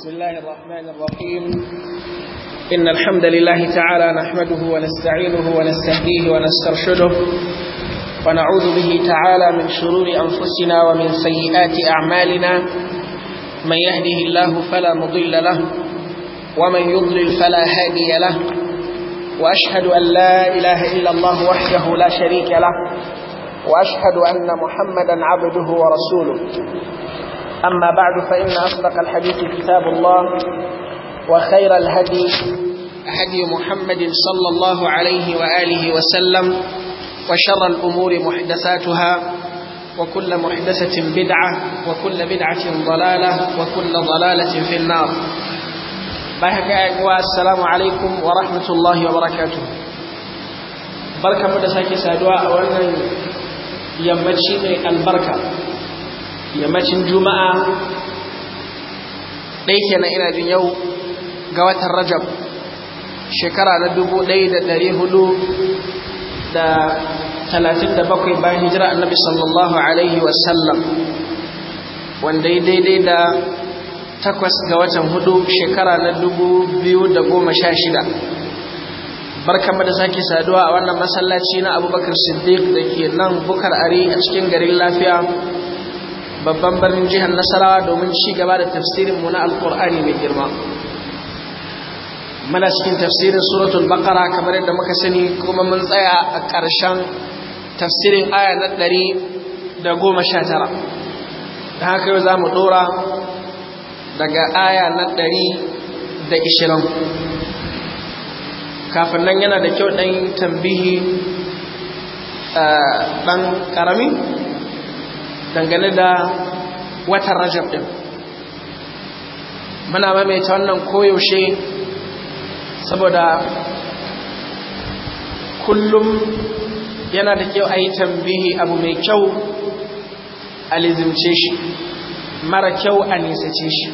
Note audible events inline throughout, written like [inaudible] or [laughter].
بسم الله الرحمن الرحيم إن الحمد لله تعالى نحمده ونستعينه ونستهديه ونسترشده ونعوذ به تعالى من شرور أنفسنا ومن سيئات أعمالنا من يهده الله فلا مضل له ومن يضلل فلا هادي له وأشهد أن لا إله إلا الله وحده لا شريك له وأشهد أن محمدا عبده ورسوله أما بعد فإن أصدق الحديث كتاب الله وخير الهدي هدي محمد صلى الله عليه وآله وسلم وشر الأمور محدثاتها وكل محدثة بدعة وكل بدعة ضلالة وكل ضلالة في النار السلام عليكم ورحمة الله وبركاته بركة مدساكي سادواء وأنا يمتشي البركة yammacin juma'a ɗai kenan ina jin yau ga watan rajab shekara na dubu ɗai da ɗari hudu da talatin da bakwai bayan hijira annabi sallallahu alaihi wasallam wanda ya daidai da takwas ga watan hudu shekara na dubu biyu da goma sha shida barkanmu da sake saduwa a wannan masallaci na abubakar siddiq da ke nan bukar ari a cikin garin lafiya babban birnin jihar nasarawa domin ci gaba da mu na alkur'ani mai girma muna cikin tafsirin suratul baqara kamar yadda muka sani kuma mun tsaya a ƙarshen tafsirin aya na ɗari da goma sha tara da haka yau za mu ɗora daga aya na ɗari da ishirin kafin nan yana da kyau ɗan tambihi eh, ɗan ƙarami dangane da watan rajab ɗin muna maimaita wannan koyaushe saboda kullum yana da kyau a yi tambihi abu mai kyau a lizimce shi mara kyau a nisace shi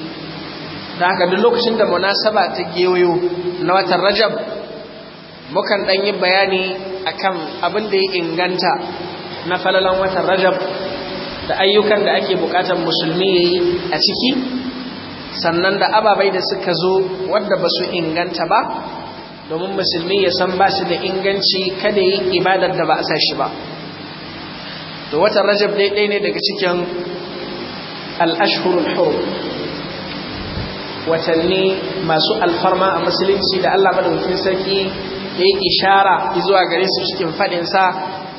da haka duk lokacin da munasaba ta gewayo na watan rajab mukan ɗan yi bayani akan abin da ya inganta na falalan watan rajab da ayyukan da ake bukatar musulmi ya yi a ciki sannan da ababai da suka zo wadda ba su inganta ba domin musulmi ya san ba su da inganci kada yi ibadar da ba a sashi ba da watan rajab daidai ne daga cikin al'ashhurul hur watanni masu alfarma a musulunci da allah madaukakin sarki ya yi ishara zuwa gare su cikin faɗinsa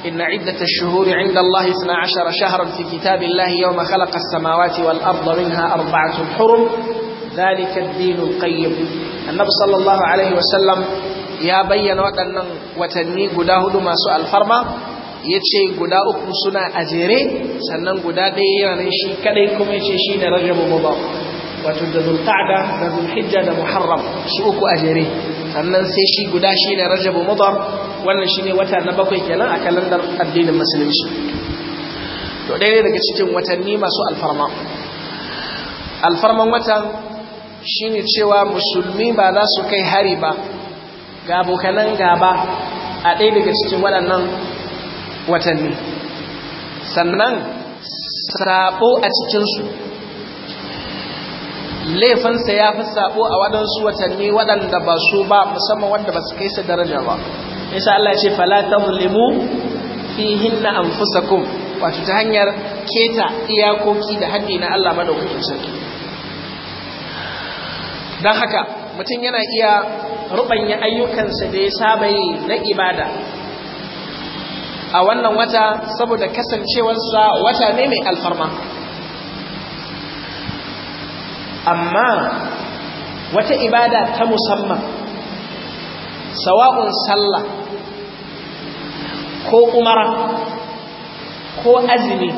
إن عدة الشهور عند الله اثنا عشر شهرا في كتاب الله يوم خلق السماوات والأرض منها أربعة حرم ذلك الدين القيم النبي صلى الله عليه وسلم يا بين وأن وتنمي قداه ما سؤال فرما yace guda uku suna a jere sannan guda ɗaya yana shi kadai kuma yace shi ne rajabu mubah wato da zulqa'da da zulhijja da muharram su uku a jere sannan sai shi guda shi ne rajabu mudar wannan shi ne wata na bakwai kenan a kalandar addinin musulunci to ɗaya ne daga cikin watanni masu alfarma alfarman watan shi ne cewa musulmi ba za su kai hari ba ga abokanan gaba a ɗaya daga cikin waɗannan watanni sannan sabo a cikinsu laifinsa ya fi sabo a waɗansu watanni waɗanda ba su ba musamman wanda ba su kai su daraja ba insha Allah ya ce fala tazlimu fihinna anfusakum wato ta hanyar keta iyakoki da haddi na Allah madaukakin sarki dan haka mutum yana iya rubanya ayyukansa da ya saba yi na ibada a wannan wata saboda kasancewarsa wata ne mai alfarma amma wata ibada ta musamman sawa'un sallah ko umara ko azumi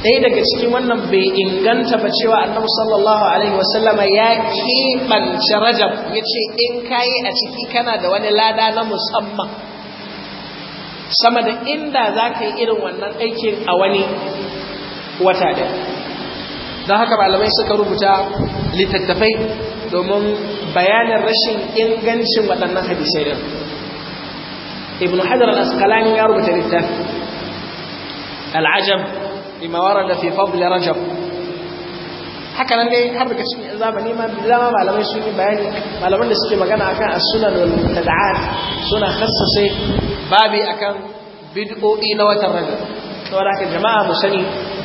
ɗaya daga cikin wannan bai inganta ba cewa annabi sallallahu alaihi wasallama ya keɓance rajab ya ce in kayi a ciki kana da wani lada na musamman sama da inda za ka yi irin wannan aikin a wani wata da don haka malamai suka rubuta littattafai domin bayanin rashin ingancin waɗannan hadisai din ibn hajar al-asqalani ya rubuta littafi al-ajab bima warada fi fadl rajab haka nan dai har daga cikin zamani ma bilama malamai sun yi bayani malaman da suke magana akan as-sunan wal mubtada'at suna khassase babi akan bid'o'i na watan rajab saboda haka jama'a mu sani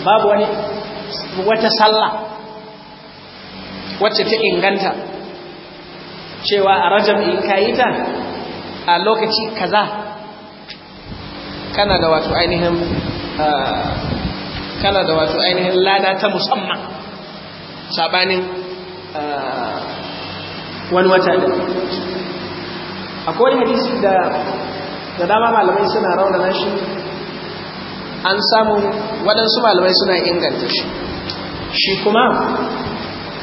babu wani wata sallah wacce ta inganta cewa a rajab in kayi ta a lokaci kaza kana da wato ainihin kana da wato ainihin lada ta musamman sabanin wani wata da akwai hadisi da da dama malamai suna raunana shi an samu waɗansu malamai suna inganta shi shi kuma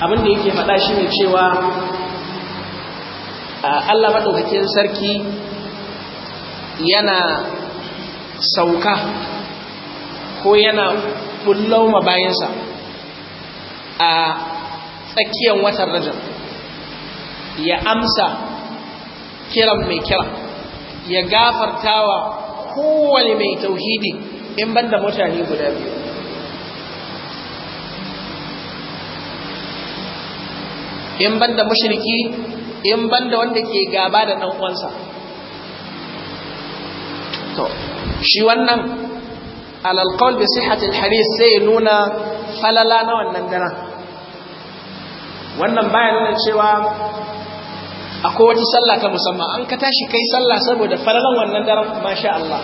abinda yake faɗa shi ne cewa Allah maɗaukakin sarki yana sauka ko yana ɓullo bayansa a tsakiyar watan rajin ya amsa kiran mai kira ya gafartawa kowane mai tauhidi in banda mutane guda biyu in banda mushriki in banda wanda ke gaba da dan uwansa to shi wannan alal qawl bi sihhati al hadith sai nuna falala na wannan dana wannan bayan nan cewa akwai wata sallah ta musamman an ka tashi kai sallah saboda falalan wannan daren masha Allah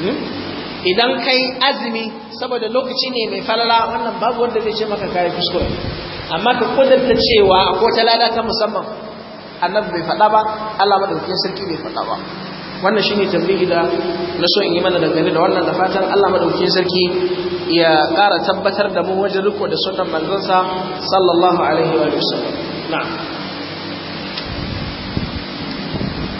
hmm? idan kai azumi saboda lokaci ne mai falala wannan babu wanda zai ce maka kayi kuskure amma ka kudurta cewa ko ta lada ta musamman annabi bai faɗa ba Allah madaukakin sarki bai faɗa ba wannan shine tambayi da na so in yi mana dangane da wannan da fatan Allah madaukakin sarki ya ƙara tabbatar da mu wajen riko da sunan manzon sallallahu alaihi wa sallam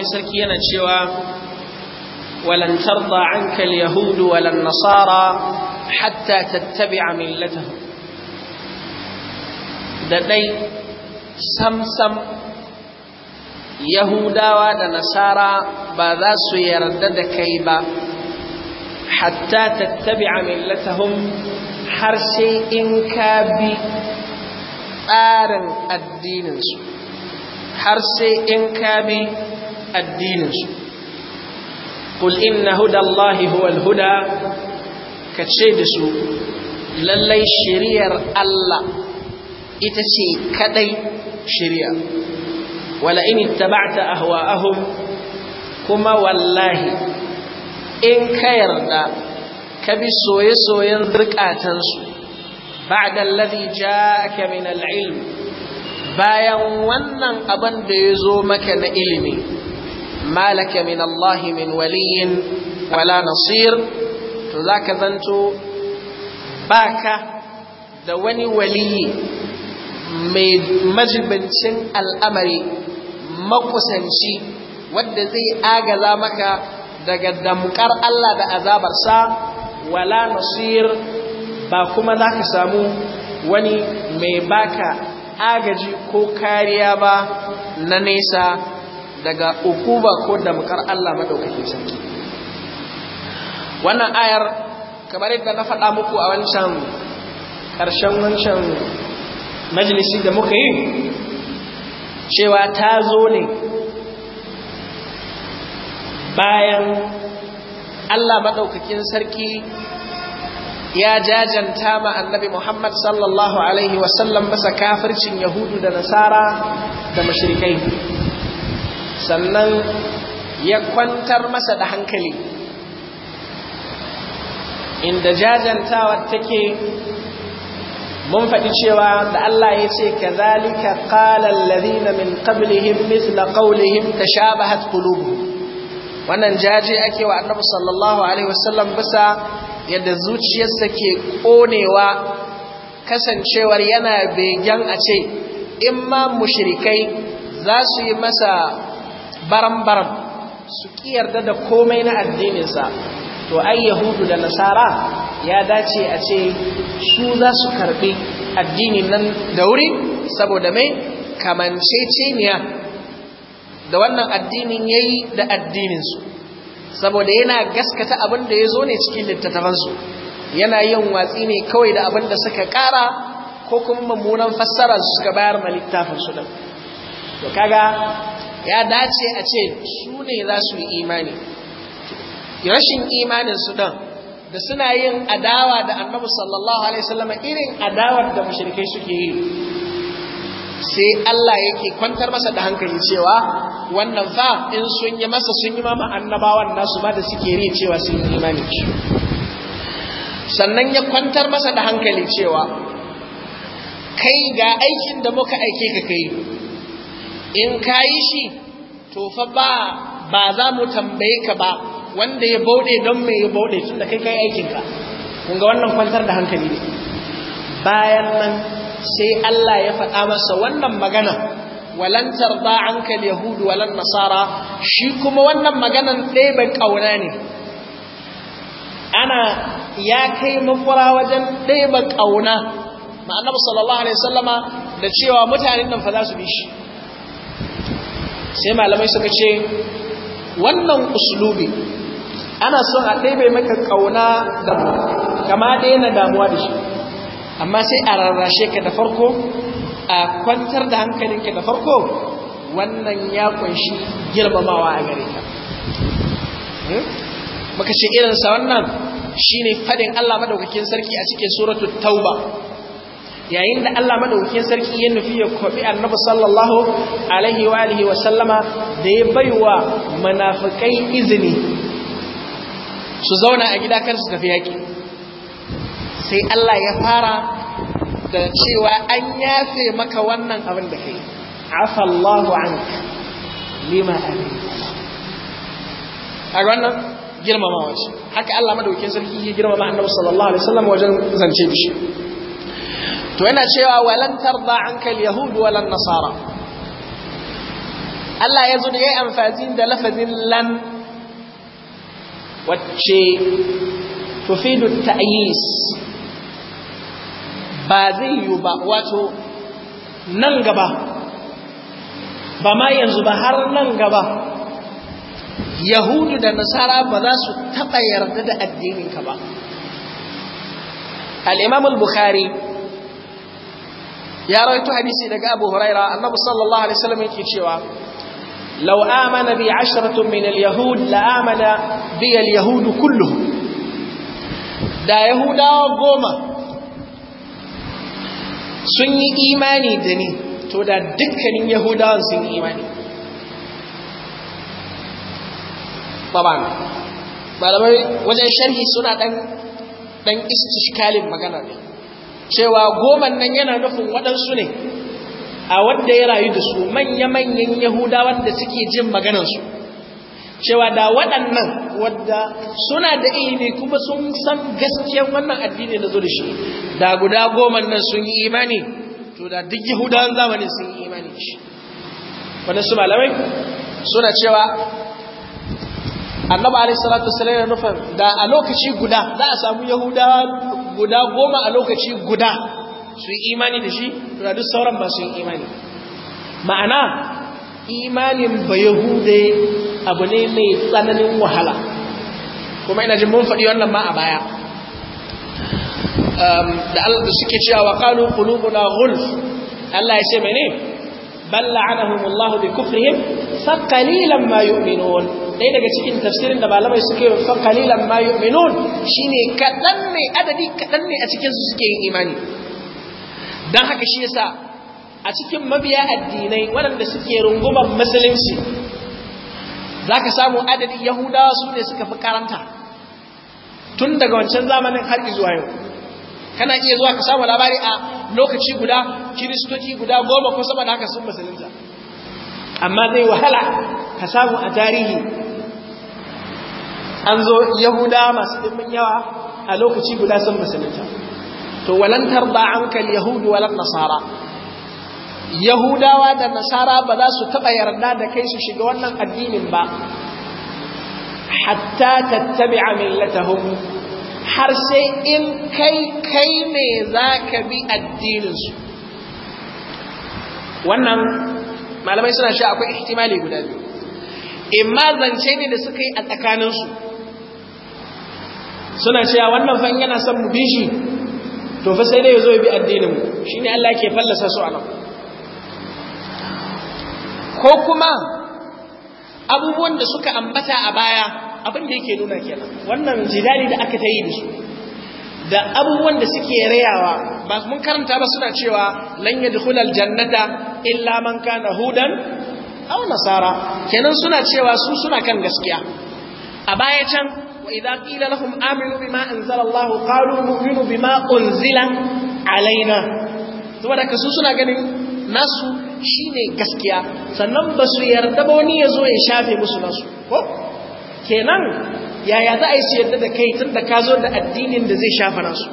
mai sarki yana cewa walan tarda anka alyahud walan nasara hatta tattabi'a millatahum da dai samsam yahudawa da nasara ba za su yarda da kai ba hatta tattabi'a millatahum har sai in ka bi tsarin addininsu har sai in ka bi addininsu kul inna hudallahi huwal huda ka ce da su lallai shiriyar Allah ita ce kadai shiriya wala in ittaba'ta ahwa'ahum kuma wallahi in ka yarda ka bi soye-soyen zurkatansu ba'da alladhi ja'aka min al bayan wannan abin da ya zo maka na ilimi ma laka min Allah min wala nasir to zaka zanto ba ka da wani waliyi mai majibincin al'amari makusanci wanda zai agaza maka daga damkar Allah da azabarsa wala nasir ba kuma za ka samu wani mai baka agaji ko kariya ba na nesa daga ukuba ko damkar Allah madaukakin sarki wannan ayar kamar yadda na faɗa muku a wancan ƙarshen wancan majalisi da muka yi cewa ta zo ne bayan Allah madaukakin sarki ya jajanta ma annabi Muhammad sallallahu alaihi wasallam masa kafircin Yahudu da Nasara da mashirikai sannan ya kwantar masa da hankali inda jajantawa take mun faɗi cewa da Allah ya ce kazalika qala alladhina min qablihim mithla qawlihim tashabahat qulubuhum wannan jaje ake wa annabi sallallahu alaihi wasallam bisa yadda zuciyarsa ke konewa kasancewar yana begen a ce in ma mushirikai za su yi masa baram-baram su yarda da komai na addininsa to ai yahudu da nasara ya dace a ce su za su karbi addinin nan da wuri saboda mai kamanceceniya da wannan addinin ya yi da addininsu saboda yana gaskata abin da ya zo ne cikin littattafansu yana yin watsi ne kawai da abin da suka kara ko kuma mummunan fassara suka bayar ma littafinsu din to kaga ya dace a ce su ne za su yi imani rashin imanin su don da suna yin adawa da annabi sallallahu alaihi irin adawar da mashirikai suke yi sai Allah yake kwantar masa da hankali cewa wannan fa in sun yi masa sun yi mama annabawan nasu ba da suke ri cewa sun yi imani sannan ya kwantar masa da hankali cewa kai ga aikin da muka aike ka kai in ka yi shi to ba ba za mu tambaye ka ba wanda ya bauɗe don mai ya bauɗe tun da kai kai aikinka kun ga wannan kwantar da hankali ne bayan nan sai Allah ya faɗa masa wannan magana walan tarda anka Yahudu, walan nasara shi kuma wannan maganan ɗebe ƙauna ne ana ya kai mafura wajen ɗaya ƙauna ma annabi sallallahu alaihi sallama, da cewa mutanen nan fa za su bi shi sai malamai suka ce wannan uslubi ana son a ɗaibe maka ƙauna da kama daina damuwa da shi amma sai a rarrashe ka da farko a kwantar da hankalinka da farko wannan ya kunshi girmamawa a gare ka hmm? muka ce irinsa wannan shine fadin Allah madaukakin sarki a cikin suratul tauba yayin da Allah madaukakin sarki ya nufi ya kwafi annabi sallallahu alaihi wa alihi wa sallama da ya baiwa munafikai izini su zauna a gida kar su tafi yaki sai Allah ya fara da cewa an yafe maka wannan abin da kai afa Allahu anka lima amin a wannan girmamawa ce haka Allah madaukakin sarki ya girmama annabi sallallahu alaihi wa wasallam wajen zance bishi to yana cewa walan tarda an al Yahudu walan nasara Allah ya zo da yayi amfani da lafazin lan wacce tufidu ta'yis ba zai yi ba wato nan gaba ba ma yanzu ba har nan gaba yahudu da nasara ba za su taɓa yarda da addininka ba al'imamul bukhari يا رأيت حديثي لك أبو هريرة النبي صلى الله عليه وسلم يقول شوى لو آمن بي عشرة من اليهود لآمن بي اليهود كلهم دا يهودا وقوما سني إيماني دني تودا دكن يهودا سني إيماني طبعا ما لما وجه شرحي سنة دن دن استشكال مغنى دي cewa goman nan yana nufin waɗansu ne a wanda ya rayu da su manya-manyan yahuda da suke jin maganansu cewa da waɗannan wadda suna da ilimi kuma sun san gaskiyar wannan addini na zo da shi da guda goman nan sun yi imani to da duk yahudawan zamani sun yi imani shi su malamai suna cewa annabi alaihi salatu wasallam nufin da a lokaci guda za a samu yahudawa guda goma a lokaci guda su imani da shi da duk sauran ba su imani ma'ana imanin bayahude abu ne mai tsananin wahala kuma ina jin mun faɗi wannan ma a baya da suke cewa wa ƙalu ƙulubuna gulf Allah ya ce mene bal la'anahum Allah bi kufrihim fa qalilan ma dai daga cikin tafsirin da malamai suke fa qalilan ma yu'minun shine kadan ne adadi kadan ne a cikin su suke yin imani dan haka shi yasa a cikin mabiya addinai waɗanda suke runguman musulunci zaka samu adadin yahudawa su ne suka fi karanta tun daga wancan zamanin har zuwa yau kana iya zuwa ka samu labari a lokaci guda kiristoci guda goma ko sama haka sun musulunta amma zai wahala ka samu a tarihi an zo yahuda masu ɗimbin yawa a lokaci guda sun musulunta to walantar ba an kal yahudu walan nasara yahudawa da nasara ba za su taɓa yarda da kai su shiga wannan addinin ba hatta tattabi'a millatahum har sai in kai kai ne za ka bi addininsu wannan malamai suna sha akwai ihtimali guda biyu imma zance ne da suka yi a tsakaninsu suna cewa wannan fa yana son mu bi shi to fa sai dai ya zo ya bi addininmu shine Allah ke fallasa su anan ko kuma abubuwan da suka ambata a baya abin da yake nuna kenan wannan jidali da aka tayi da su da abubuwan da suke rayawa ba mun karanta ba suna cewa lan yadkhulal jannata illa man kana hudan aw nasara kenan suna cewa su suna kan gaskiya a baya can wa idza qila lahum aminu bima anzala Allah qalu nu'minu bima unzila alaina saboda kasu suna ganin nasu shine gaskiya sannan ba su yarda ba wani ya zo ya shafe musu nasu ko kenan yaya za a yi su yadda da kai tun da ka zo da addinin da zai shafa nasu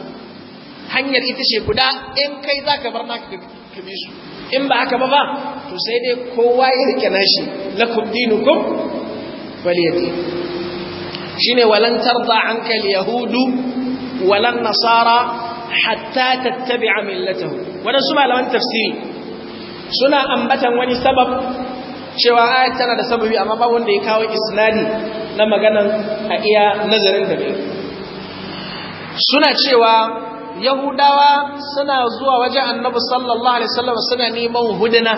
hanyar ita ce guda in kai za ka bar naka ka bi su in ba haka ba ba to sai dai kowa ya rike nashi lakum dinukum waliyati shine walan tarda anka Yahudu walan nasara hatta tattabi'a millatahum wadansu malaman tafsiri suna ambatan wani sabab cewa ayat tana da sababi amma ba wanda ya kawo isnadi na maganan a iya nazarin da ne suna cewa yahudawa suna zuwa wajen annabi sallallahu alaihi wasallam suna neman huduna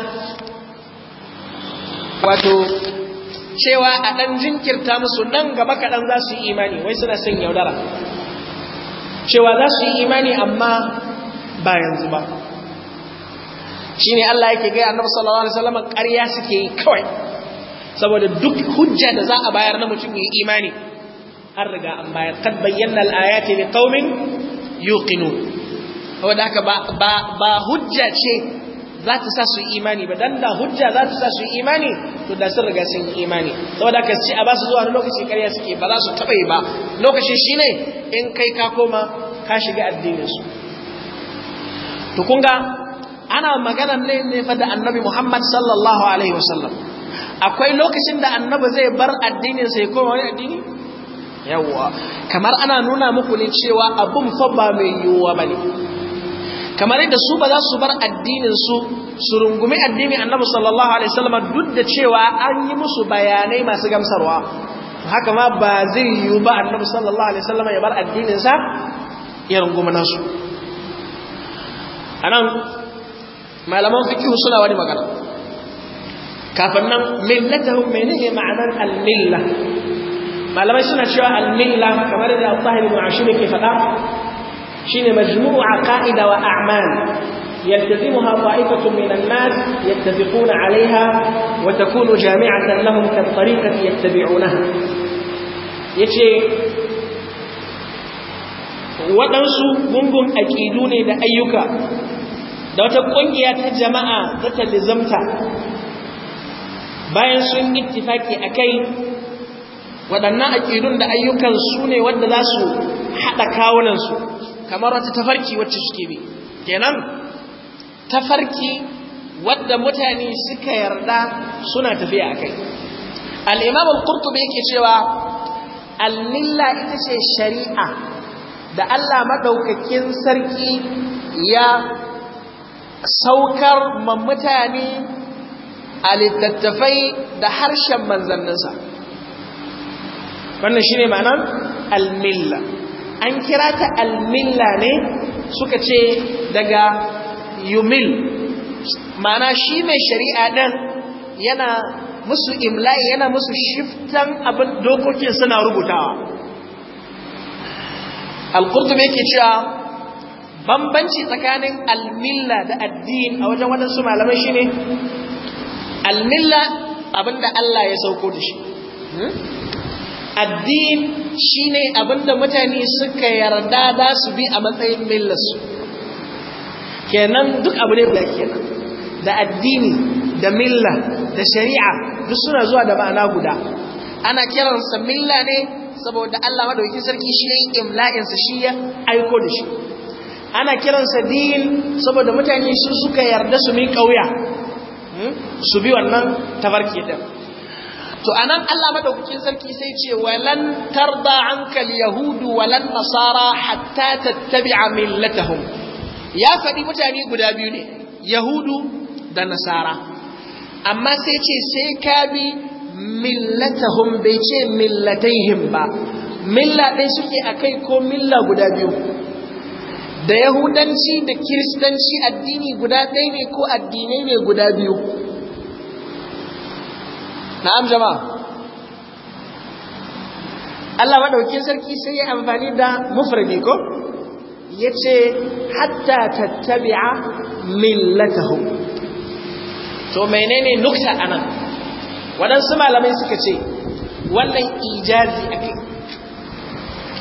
wato cewa a ɗan jinkirta musu nan gaba kaɗan za su yi imani wai suna son yaudara cewa za su yi imani amma ba yanzu ba shine Allah yake gaya Annabi sallallahu alaihi wasallam ƙarya suke yi kawai saboda duk hujja da za a bayar na mutum ya imani an riga an bayar kad bayyana al-ayati liqaumin yuqinun saboda haka ba ba hujja ce za ta sa su imani ba dan da hujja za ta sa su imani to da sun riga sun imani saboda haka ci a ba su zuwa wani lokaci ƙarya suke ba za su taɓa yi ba lokacin shine in kai ka koma ka shiga addinin su to kun ga ana magana ne da annabi Muhammad sallallahu alaihi wasallam akwai lokacin da annabi zai bar addinin sai koma wani addini Yawwa. kamar ana nuna muku ne cewa abun fa ba mai yiwuwa ba ne? kamar yadda su ba za su bar addininsu su rungumi addini annabi sallallahu alaihi wasallam duk da cewa an yi musu bayanai masu gamsarwa haka ma ba zai yiwu ba annabi sallallahu alaihi wasallam ya bar addininsa? ya rungumi nasu anan malaman fikihu suna wani magana kafin nan millatahum menene ma'anar al-milla malamai suna cewa al-milla kamar da al ibn ke faɗa shine majmu'u aqaida wa a'mal يلتزمها طائفة من الناس يتفقون عليها وتكون جامعة لهم كالطريقة يتبعونها يتي waɗansu gungun aƙidu ne da ayyuka da wata ƙungiya ta jama'a ta talizamta bayan sun yi tifaki a kai waɗannan aƙidun da ayyukan su ne wadda za su haɗa kawunansu kamar wata tafarki wacce suke bi kenan tafarki wadda mutane suka yarda suna tafiya a kai al'imam kurkube yake cewa allilla ita ce shari'a da Allah maɗaukakin sarki ya saukar mutane a littattafai da harshen manzanninsa wannan shine ma'anar almilla an kira ta almilla ne suka ce daga yumil ma'ana shi mai shari'a ɗin yana musu imla'i yana musu shiftan abin dokokin suna rubutawa al-qurtubi yake cewa bambanci tsakanin almilla da addini a wajen waɗansu malamai shine almilla abinda Allah ya sauko da shi hmm? addin shine abinda mutane suka yarda za su bi a matsayin millarsu kenan duk abu ne guda kenan da addini da milla da shari'a duk suna zuwa da ma'ana guda ana kiransa milla ne saboda Allah madaukin sarki shi ne imla'insa shi ya aiko da shi ana kiransa din saboda mutane su suka yarda su mi ƙauya, hmm? su bi wannan tabarki din to anan Allah madaukakin sarki sai ce walan tarda anka Yahudu, walan nasara hatta tattabi'a millatahum ya faɗi mutane guda biyu ne yahudu da nasara amma sai ce sai ka bi millatahum bai ce millataihim ba milla ɗin suke akai ko milla guda biyu da yahudanci da kiristanci addini guda ɗaya ne ko addinai ne guda biyu na'am jama'a Allah maɗaukin sarki sai ya amfani da mufarbi ko ya ce hatta tattabi'a millatahu to menene nukta anan waɗansu malamai suka ce wannan ijazi a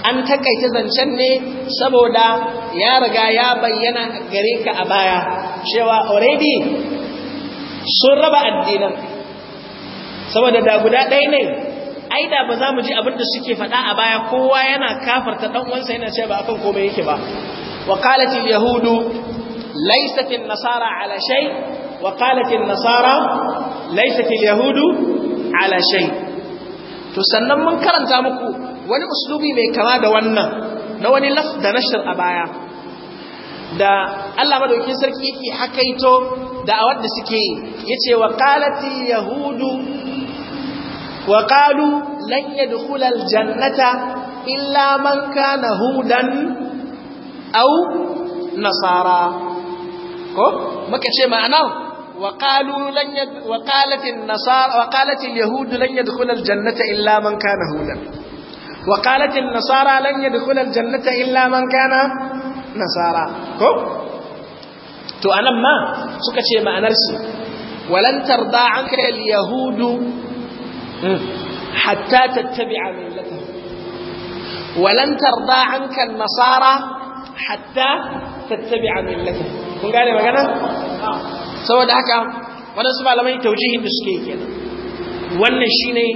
an takaita zancen ne saboda ya riga ya bayyana gare ka a baya cewa already sun raba addinan saboda da guda ɗaya ne ai da ba za mu ji abin da suke faɗa a baya kowa yana kafarta ɗan uwansa yana ce ba akan komai yake ba wa qalatil yahudu laysat an nasara ala shay wa qalat nasara laysat al yahudu ala shay to sannan mun karanta muku wani uslubi mai kama da wannan na wani laf da nashar a baya da Allah madaukin sarki yake hakaito da a wanda suke yace wa qalati yahudu wa qalu lan yadkhula aljannata illa man kana hudan aw nasara ko muka ce ma'anar وقالوا لن يد وقالت النصارى وقالت اليهود لن يدخل الجنة wa nasara lan yadkhula aljannata illa man nasara ko to anan ma suka ce ma'anar shi Walantar da'anka anka alyahudu hatta tattabi'a millatahum walan tarda anka nasara hatta tattabi'a millatahum kun gane magana saboda haka wadansu malamai taujihin da suke kenan wannan shine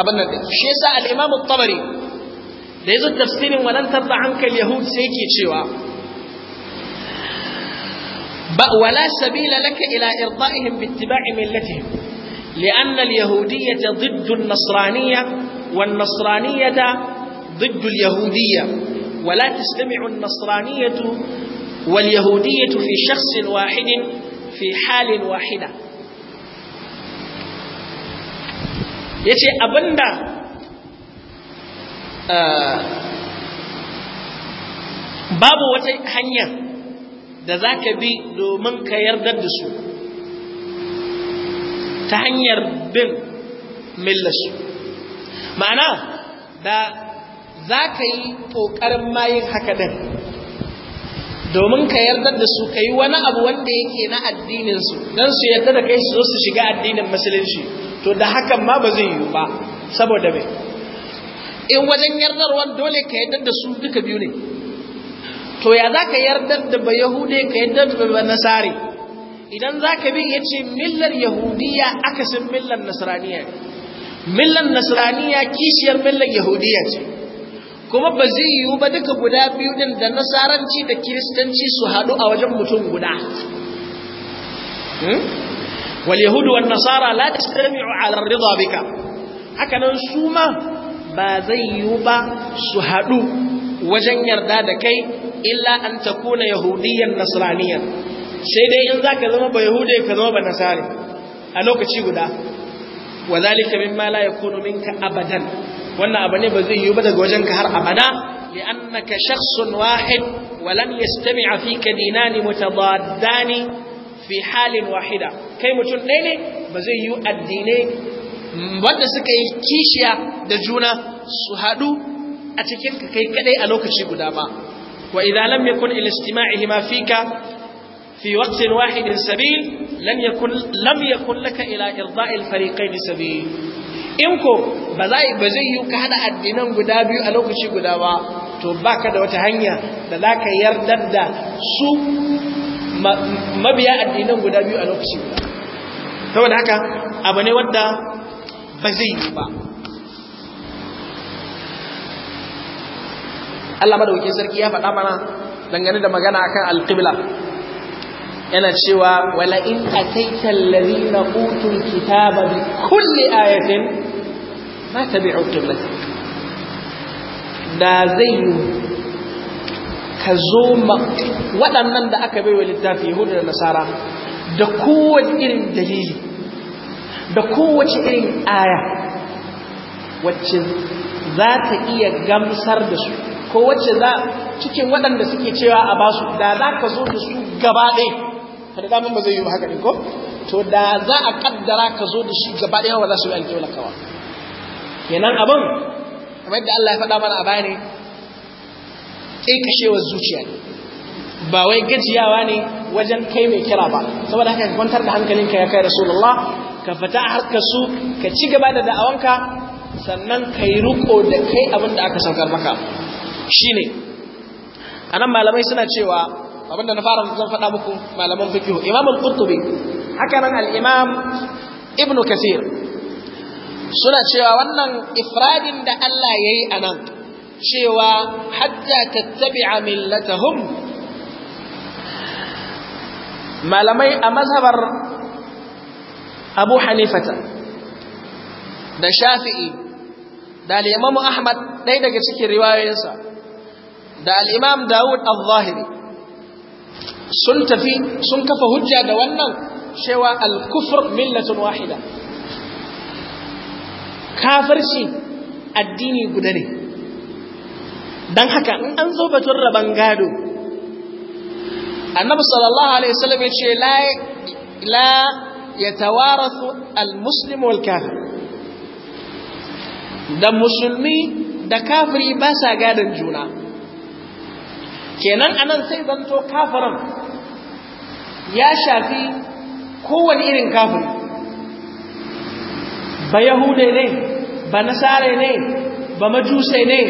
abin nan shi yasa al-Imam at-Tabari da yazo tafsirin walan tabba anka al-yahud sai yake cewa ba wala sabila laka ila irda'ihim bi ittiba'i millatihim لأن اليهودية ضد النصرانية والنصرانية ضد اليهودية ولا تجتمع النصرانية واليهودية في شخص واحد في حال واحدة ya ce abinda uh, babu wata hanya da za ka bi domin ka yardar da su ta hanyar bin millarsu ma'ana da za ka yi ƙoƙarin mayin haka domin ka yarda da su ka yi wani abu wanda yake na addininsu don su yarda da kai su zo su shiga addinin musulunci to da hakan ma ba zai yiwu ba saboda mai in wajen yardarwar dole ka yardar da su duka biyu ne to ya za ka yardar da ba yahude ka yardar da ba nasari idan za ka bi ya ce millar yahudiya akasin millar nasraniya millar nasraniya kishiyar millar yahudiya ce kuma ba zai yiwu ba duka guda biyu din da nasaranci da kiristanci su haɗu a wajen mutum guda hmm? wal yahudu wan nasara la tastami'u ala ridha bika haka nan su ba zai yi ba su haɗu wajen yarda da kai illa an takuna yahudiyan nasraniyan sai dai in zaka zama ba yahude ka zama ba nasari a lokaci guda wazalika mimma la yakunu minka abadan wannan abu ne ba zai yiwu ba daga ka har abada li'annaka shakhsun wahid wa lam yastami'a fika dinani mutadadani fi halin wahida kai mutum ɗaya ne ba zai yi addinai wanda suka yi kishiya da juna su haɗu a cikin ka kai kaɗai a lokaci guda ba wa idza lam yakun ilistima'ihima fika fi waqtin wahidin sabil lam yakun laka ila irda'il sabil in ko ba zai yi ka haɗa addinan guda biyu a lokaci guda ba to baka da wata hanya da zaka yardar da su mabiya addinan guda biyu a lokaci saboda haka abu ne wadda ba zai yi ba Allah madaukakin sarki ya faɗa mana dangane da magana akan alqibla yana cewa wala in ataita alladhina utul kitaba bi kulli ayatin ma tabi'u qiblatakum da zai yi ka zo waɗannan da aka baiwa littafi yahudu da nasara da kowace irin dalili da kowace irin aya wacce za ta iya gamsar da su ko wacce za cikin waɗanda suke cewa a ba su da za ka zo da su gabaɗe kada damar ba zai yi haka ne ko to da za a kaddara ka zo da shi gaba ɗaya ba za su yi alƙiwala kawa kenan abin kamar yadda Allah ya faɗa mana a bayani kashewar zuciya ne ba wai gajiyawa ne wajen kai mai kira ba saboda haka ka kwantar da hankalinka ya kai rasulullah ka fita a ka su ka ci gaba da da'awanka sannan ka yi riko da kai abin da aka saukar maka shine a nan malamai suna cewa abinda na fara zan faɗa muku malaman fikihu imam al-qurtubi haka nan al-imam ibnu kasir suna cewa wannan ifradin da Allah yayi a nan cewa hatta tattabi'a millatahum malamai a mazhabar Abu Hanifata da Shafi'i da imam Ahmad ɗaya daga cikin riwayoyinsa da imam Dawud al-Zahiri sun tafi sun kafa hujja da wannan cewa al-kufr millatun wahida kafirci addini guda ne don haka in an zo batun rabon gado annabi sallallahu alaihi wasallam ya ce la ya tawarathu al-muslim wal kafir da musulmi da kafiri ba sa gadon juna kenan anan sai zanto kafirin ya shafi kowane irin kafiri ba yahude ne ba nasare ne ba majuse ne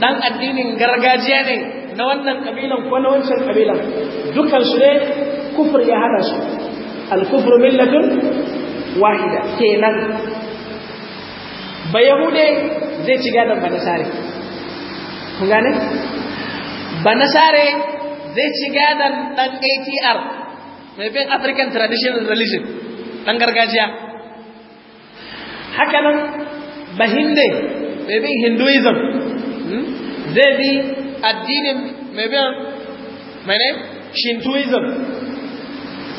dan addinin gargajiya ne na wannan kabilan ko na wancan kabilan dukan su ne kufur ya hada su al kufr millatun wahida kenan ba yahude zai ci gadon ba nasare kun gane ba nasare zai ci dan ATR mai bin African traditional religion dan gargajiya haka nan bahinde mai bin Hinduism Hmm? zai bi addinin mai biyan ne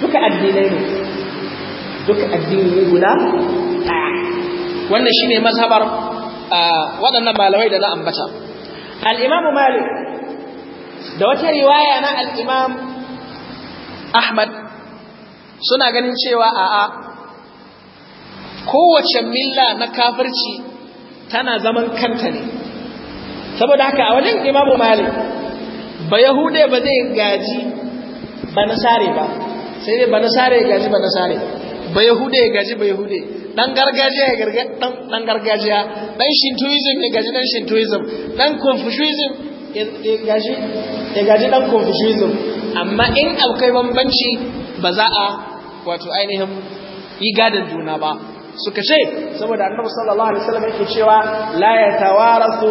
duka addinai ne duka addini ne guda wannan shine mazhabar ah, waɗannan malamai da na ambata al-imam malik da wata riwaya na al-imam ahmad suna ganin cewa a'a kowace milla na kafirci tana zaman kanta ne saboda haka a wajen imamu mali. ba yahude ba zai gaji ba nasare ba sai dai ba nasare ya gaji ba nasare ba yahude ya gaji ba yahude dan gargajiya ya garga dan gargajiya dan shintoism ya gaji dan shintoism dan confucianism ya gaji ya gaji dan confucianism amma in akwai bambanci ba za a wato ainihin yi gadin juna ba suka ce saboda annabi sallallahu alaihi wasallam yake cewa la yatawarasu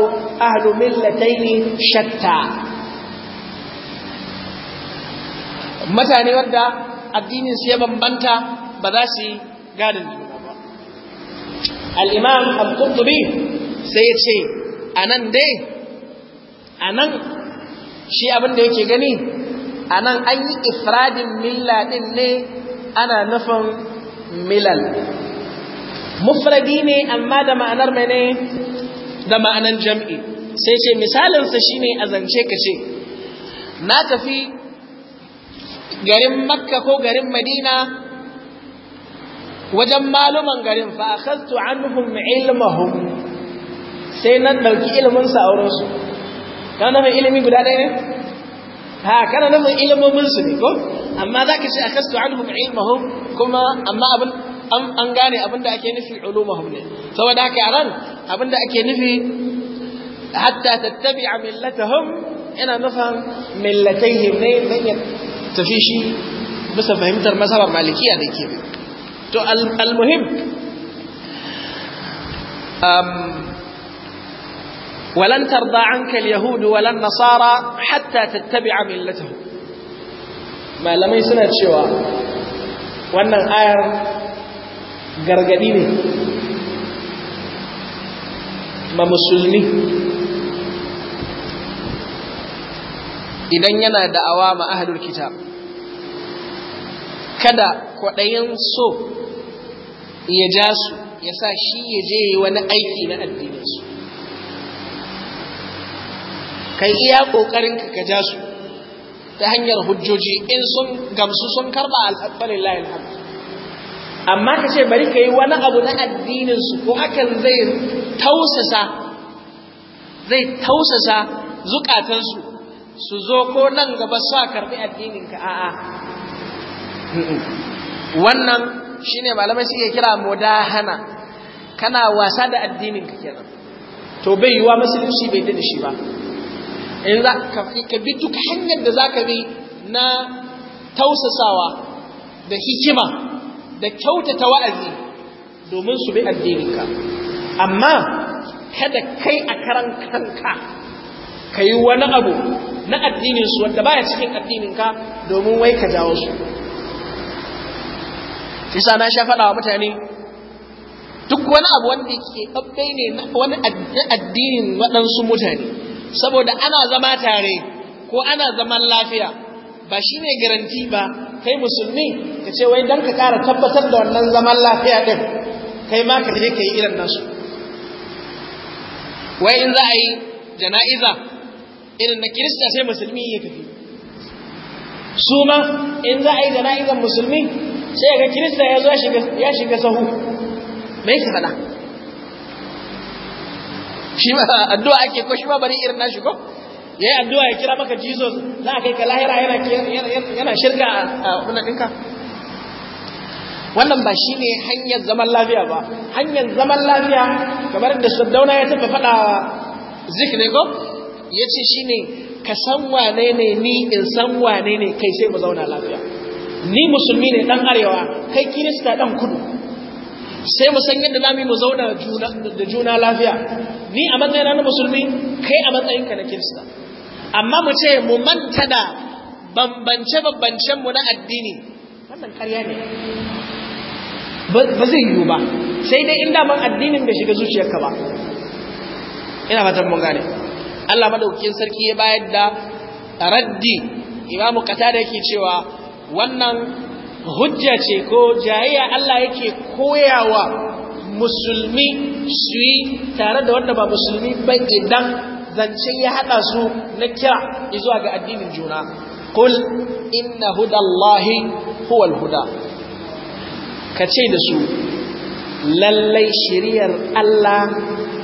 ahlu millatayn shatta mutane wanda addinin su ya bambanta ba za su gadin juna ba al-imam al-qurtubi sai ya ce anan dai anan shi abin da yake gani anan an yi ifradin milla din ne ana nufin milal mufradi ne amma da ma'anar mene da ma'anar jam'i sai ce misalinsa shine a zance ka ce na tafi garin makka ko garin madina wajen maluman garin fa akhadtu anhum ilmahum sai na dauki ilimin sa auren su kana nufin ilimi guda ɗaya ne ha kana nufin ilimomin su ne ko amma zaka ce akhadtu anhum ilmahum kuma amma abin an gane abinda ake nufi ulumuhum ne saboda haka ran abinda ake nufi hatta tattabi'a millatahum ina nufan millatayhim ne dan ya tafi shi bisa fahimtar mazhabar malikiya da ke to almuhim um, ولن ترضى عنك اليهود ولا النصارى حتى تتبع ملتهم malamai suna cewa wannan ayar gargadi ne ma musulmi idan yana da'awa ma ahadul kitab kada kwaɗayin so ya ja su ya sa shi ya je wani aiki na addininsu kai iya ƙoƙarin ka ja su ta hanyar hujjoji in sun gamsu sun karɓa alhamdulillah alhamdulillah amma ka ce bari ka yi wani abu na addininsu ko hakan zai tausasa zai tausasa zukatansu su zo ko nan gaba su a karɓi addininka a'a wannan shine malamai suke kira mudahana kana wasa da addininka kenan to bai yiwa musulunci bai da shi ba in za ka bi duk hanyar da za ka bi na tausasawa da hikima da kyautata wa'azi domin su bi addininka amma kada kai a karan kanka ka yi wani abu na addininsu wanda baya cikin addininka domin wai ka jawo su isa na sha faɗa wa mutane duk wani abu wanda ke ɓaɓɓe ne na wani addinin waɗansu mutane saboda ana zama tare ko ana zaman lafiya ba shi ne garanti ba kai musulmi ka ce wai don ka ƙara tabbatar da wannan zaman lafiya ɗin kai ma ka je ka yi irin nasu wai in za a yi jana'iza irin na kirista sai musulmi ya tafi su ma in za a yi jana'izan musulmi sai ga kirista ya zo ya shiga sahu me ka faɗa shi ma addu'a ake ko shi ma bari irin nashi ko ya yi addu'a ya kira maka Jesus za a kai ka lahira yana shirga a kullun ɗinka wannan ba shi ne hanyar zaman lafiya ba hanyar zaman lafiya kamar da Saddauna ya tafi faɗa zik ne ko ya ce shi ne ka san wane ne ni in san wane ne kai sai mu zauna lafiya ni musulmi ne ɗan arewa kai kirista ɗan kudu sai mu san yadda zamu mu zauna da juna lafiya ni a matsayina na musulmi kai a matsayinka na kirista amma mu ce mu manta da bambance-bambancen mu na addini wannan ƙarya ne ba zai yiwu ba sai dai in man addinin bai shiga zuciyarka ba ina fatan mun gane Allah madaukakin sarki ya bayar da raddi imamu qatada yake cewa wannan hujja ce ko jayayya Allah yake koyawa musulmi su yi tare da wanda ba musulmi ba idan zance ya haɗa su na kira zuwa ga addinin juna قل إن هدى الله هو الهدى ka ce da su lallai shiriyar Allah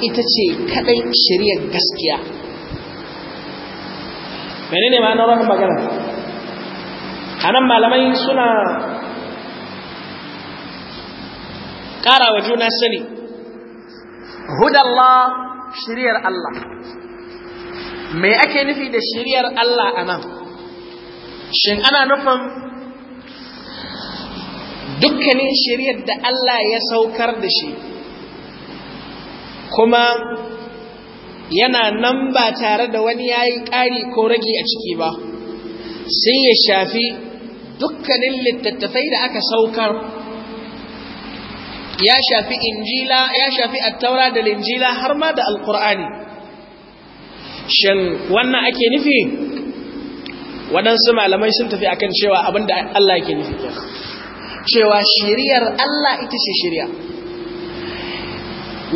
ita ce kadai shiriyar gaskiya menene ma'anar wannan magana anan malamai suna ƙara wa juna sani hudallah shiriyar Allah me ake nufi da shiriyar Allah anan shin ana nufin dukkanin shari'ar da Allah ya saukar da shi kuma yana nan ba tare da wani ya yi ƙari ko rage a ciki ba sai ya shafi dukkanin littattafai da aka saukar ya shafi injila ya shafi attaura da linjila har ma da alkur'ani shin wannan ake nufi waɗansu malamai sun tafi akan cewa abinda Allah ke nufi cewa shiriyar Allah ita ce shirya.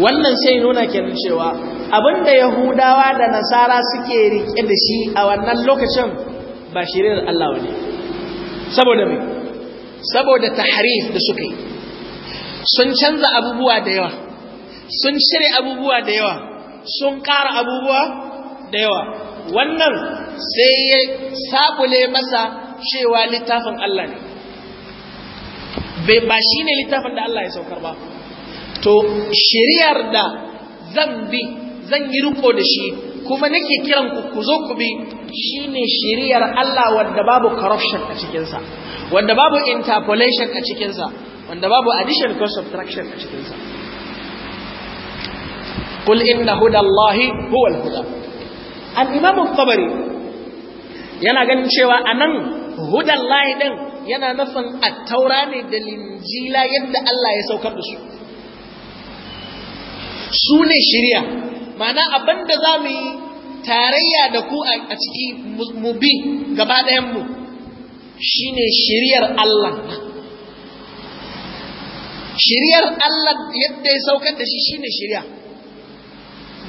wannan sai nuna kenan cewa abinda yahudawa da nasara suke rike da shi a wannan lokacin ba shiriyar Allah wani saboda me saboda tahrif da suka yi sun canza abubuwa da yawa sun cire abubuwa da yawa sun kara abubuwa da yawa wannan sai ya sabule masa cewa littafin Allah ne Ba shi ne littafin da Allah ya saukar ba to shari'ar da zan bi zan yi riko da shi kuma nake kiran ku ku zo ku bi shi ne shari'ar Allah wanda babu corruption a cikinsa, sa wanda babu interpolation a cikinsa, wanda babu addition ko subtraction a cikinsa. sa قل إن هدى الله هو الهدى الإمام الطبري yana ganin cewa anan hudan lahi din yana nufin attaura ne da linjila yadda Allah ya saukar da su su ne shirya mana abin da za mu yi tarayya da ku a ciki mu bi gaba ɗayanmu shi ne shiryar Allah shiryar Allah yadda ya saukar da shi shi ne shirya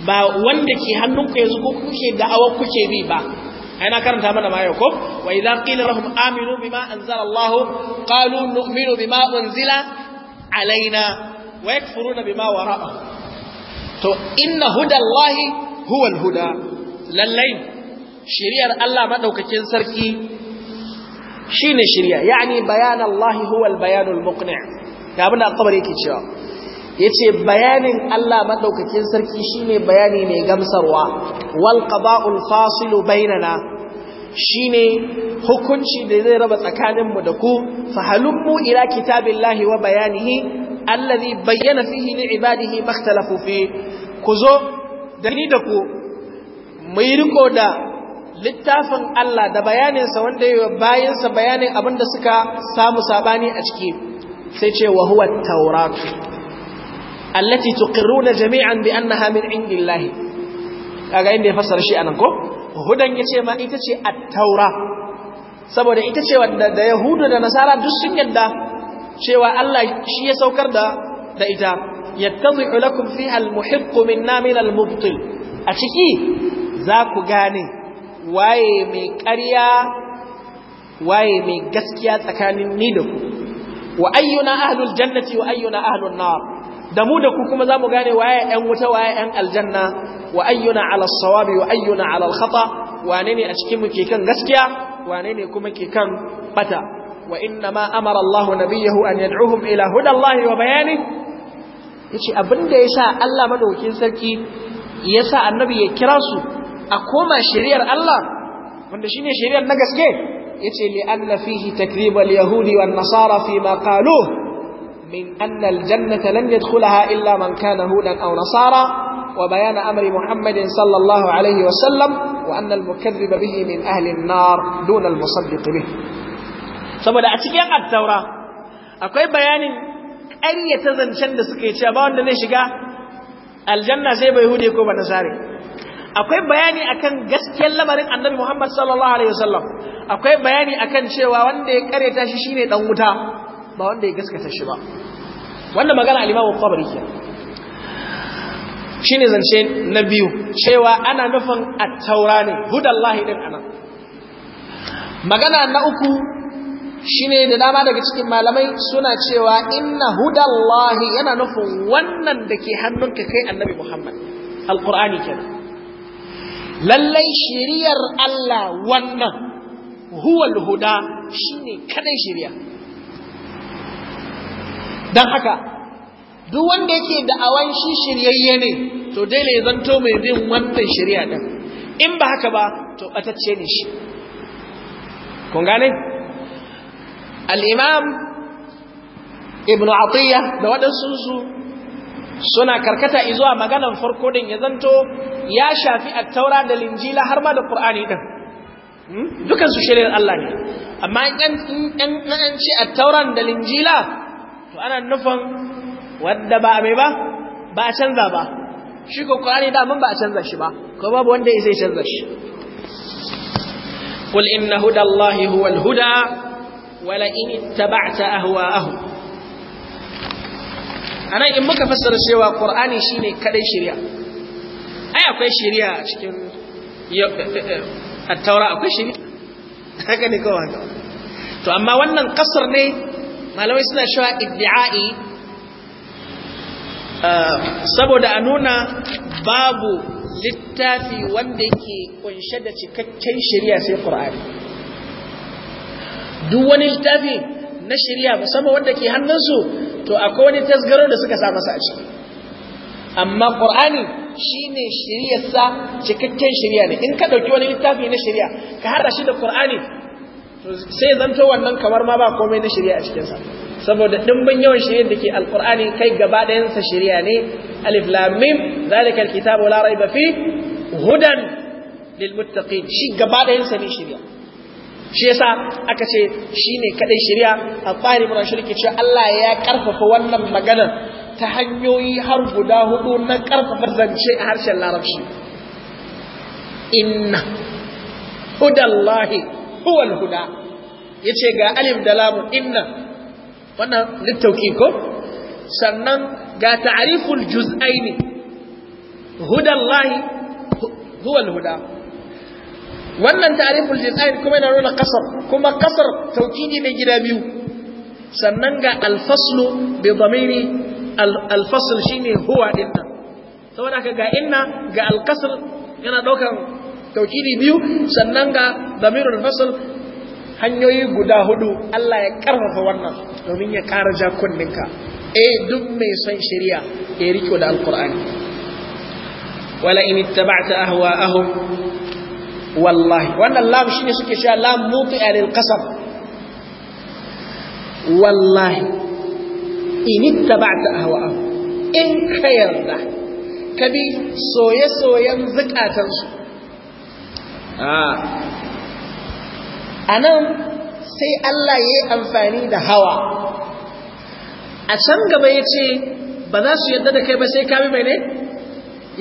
ba wanda ke hannunku yanzu ko kuke awa kuke bi ba ai na karanta mana ma yau ko wa idza qila lahum aminu bima anzala Allah qalu nu'minu bima unzila alaina wa yakfuruna bima wara'a to inna hudallahi huwa huda, lallai shari'ar Allah madaukakin sarki shine shari'a yani bayan Allah huwa albayanul muqni' da abin da alqabari yake cewa yace bayanin Allah madaukakin sarki shine bayani mai gamsarwa wal qada'ul fasilu bainana shine hukunci da zai raba tsakaninmu da ku fahalummu ila kitabillahi wa bayanihi alladhi bayyana fihi li ibadihi makhtalafu fi ku zo da ni da ku mu yi riko da littafin Allah da bayaninsa wanda ya bayansa bayanin abin da suka samu sabani a ciki sai ce wa huwa tauratu allati tuqirruna jami'an bi annaha min indillahi kaga inda ya fassara shi anan ko hudan yace ma ita ce at-taura saboda ita ce wanda da yahudu da nasara duk sun yadda cewa Allah shi ya saukar da da ita yattazi'u lakum fiha al-muhiq minna min al-mubtil a ciki za ku gane waye mai ƙarya waye mai gaskiya tsakanin ni da ku wa ayyuna ahlul jannati wa ayyuna ahlun nar da mu da ku kuma za mu gane waye ‘yan wuta waye aljanna wa ayyuna ala sawabi wa ayyuna ala alkhata wane ne a cikin mu ke kan gaskiya wane ne kuma ke kan bata wa inna ma amara Allah nabiyahu an yad'uhum ila huda Allah wa bayani yace abinda yasa Allah madaukakin sarki yasa annabi ya kira su a koma shari'ar Allah wanda shine shari'ar na gaske yace li anna fihi takriba al-yahudi wan nasara fi ma qaluhu من أن الجنة لن يدخلها إلا من كان هودا أو نصارى وبيان أمر محمد صلى الله عليه وسلم وأن المكذب به من أهل النار دون المصدق به saboda a cikin attaura akwai bayanin ƙaryata zancen da suka yi cewa ba wanda zai shiga aljanna sai bai hude ko ba nasare akwai bayani akan gaskiyar lamarin annabi Muhammad sallallahu alaihi wasallam akwai bayani akan cewa wanda ya ƙaryata shi shine dan wuta ba wanda ya gaskata shi ba wannan magana al Kwabar al shi ne shine zance na biyu cewa ana nufin a taura ne hudallahi din anan magana na uku shine da dama daga cikin malamai suna cewa inna hudallahi yana nufin wannan da ke hannunka kai annabi Muhammad al-Qur'ani kenan lallai shiriyar Allah wannan huwal huda shine kadan shiriya don haka duk wanda yake da'awan shi shiryayye ne to dole ya zanto mai bin wannan shirya din in ba haka ba to batacce ne shi kun gane al-imam ibnu atiya da waɗansu su suna karkata izuwa maganan farko din ya zanto ya shafi at-taura da linjila har ma da qur'ani din hmm? dukan su shirin Allah ne amma in an ci at-tauran da linjila ana nufin wadda ba mai ba ba a canza ba shi ko Qur'ani da mun ba a canza shi ba ko babu wanda ya sai canza shi qul inna hudallahi huwal huda wala in ahuwa ahu. anan in muka fassara cewa Qur'ani shine kaɗai shirya? ai akwai shirya a cikin a eh, eh, eh, taura akwai shari'a haka ne kawai to amma wannan kasar ne malamai suna shawa iddi'ai eh, saboda a nuna babu littafi wanda yake kunshe da cikakken shari'a sai qur'ani duk wani littafi na shari'a musamman wanda ke hannunsu to akwai wani tasgaro da suka sa masa a ciki amma qur'ani shine shari'arsa cikakken shari'a ne in ka ɗauki wani littafi na shari'a ka hada shi da qur'ani sai zanto wannan kamar ma ba komai na shirya a cikinsa saboda dimbin yawan shirya da ke alkur'ani kai gaba ɗayansa shirya ne alif lamim zalikal kitabu la raiba fi hudan lil muttaqin shi gaba ɗayansa ne shirya shi yasa aka ce shine kadai shirya a fari mun shirki ce Allah ya karfafa wannan magana ta hanyoyi har guda hudu na karfafa zance a harshen larabci inna hudallahi huwal huda yace ga alif da lam inna wannan littauki ko sannan ga ta'riful huda wannan ta'riful juz'ain kuma yana nuna kuma kasar tawkidi ne gida biyu sannan ga al-faslu bi dhamiri al-fasl shine huwa dinna saboda ga inna ga al yana daukan taukili biyu sannan ga damirul fasl hanyoyi guda hudu Allah ya karfafa wannan domin ya kara jakunninka eh duk mai son shari'a ya riko da alqur'ani wala in ittaba'ta ahwa'ahum wallahi wannan lam shine suke sha lam muti'a lil qasam wallahi in ittaba'ta ahwa'ahum in ka yarda ka bi soye-soyen zukatansu a ah. nan sai Allah ya yi amfani da hawa a can gaba ya ce ba za su yadda da kai ba sai kami mai ne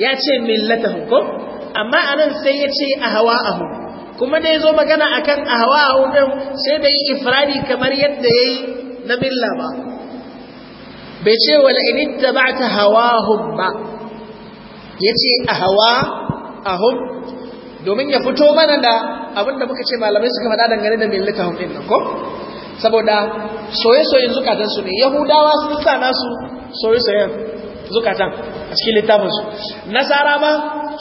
ya ce millata ko amma a nan sai ya ce a hawa ahu kuma da ya zo magana a kan a hawa ahu ɗin sai da yi ifradi kamar yadda ya yi na milla ba bai ce wala inid da ba ta hawa ba ya ce a hawa ahum domin ya fito mana da abin muka ce malamai suka faɗa dangane da mai littafin nan ko saboda soye-soyen zukatansu ne yahudawa sun sa nasu soye-soyen zukatan a cikin littafinsu nasara ma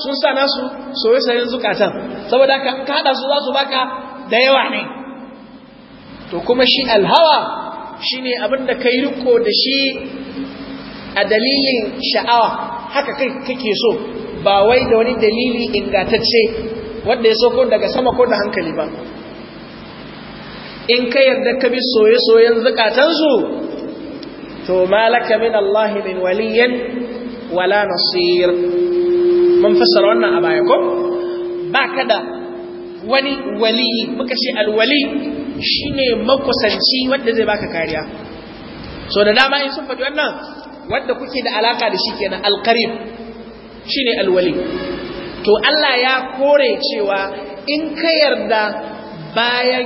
sun sa nasu soye-soyen zukatan saboda ka kada su za su baka da yawa ne to kuma shi alhawa shine abinda abin da riko da shi a dalilin sha'awa haka kai kake so ba wai da wani dalili ingatacce wanda ya soko daga sama ko da hankali ba in ka yarda ka bi soye-soyen zukatansu to malaka min Allah min waliyan wala nasir mun fassara wannan a baya ko ba da wani wali muka ce alwali shine makusanci wanda zai baka kariya so da dama in sun faɗi wannan wanda kuke da alaka da shi kenan alqarib shine alwali to Allah ya kore cewa in ka yarda bayan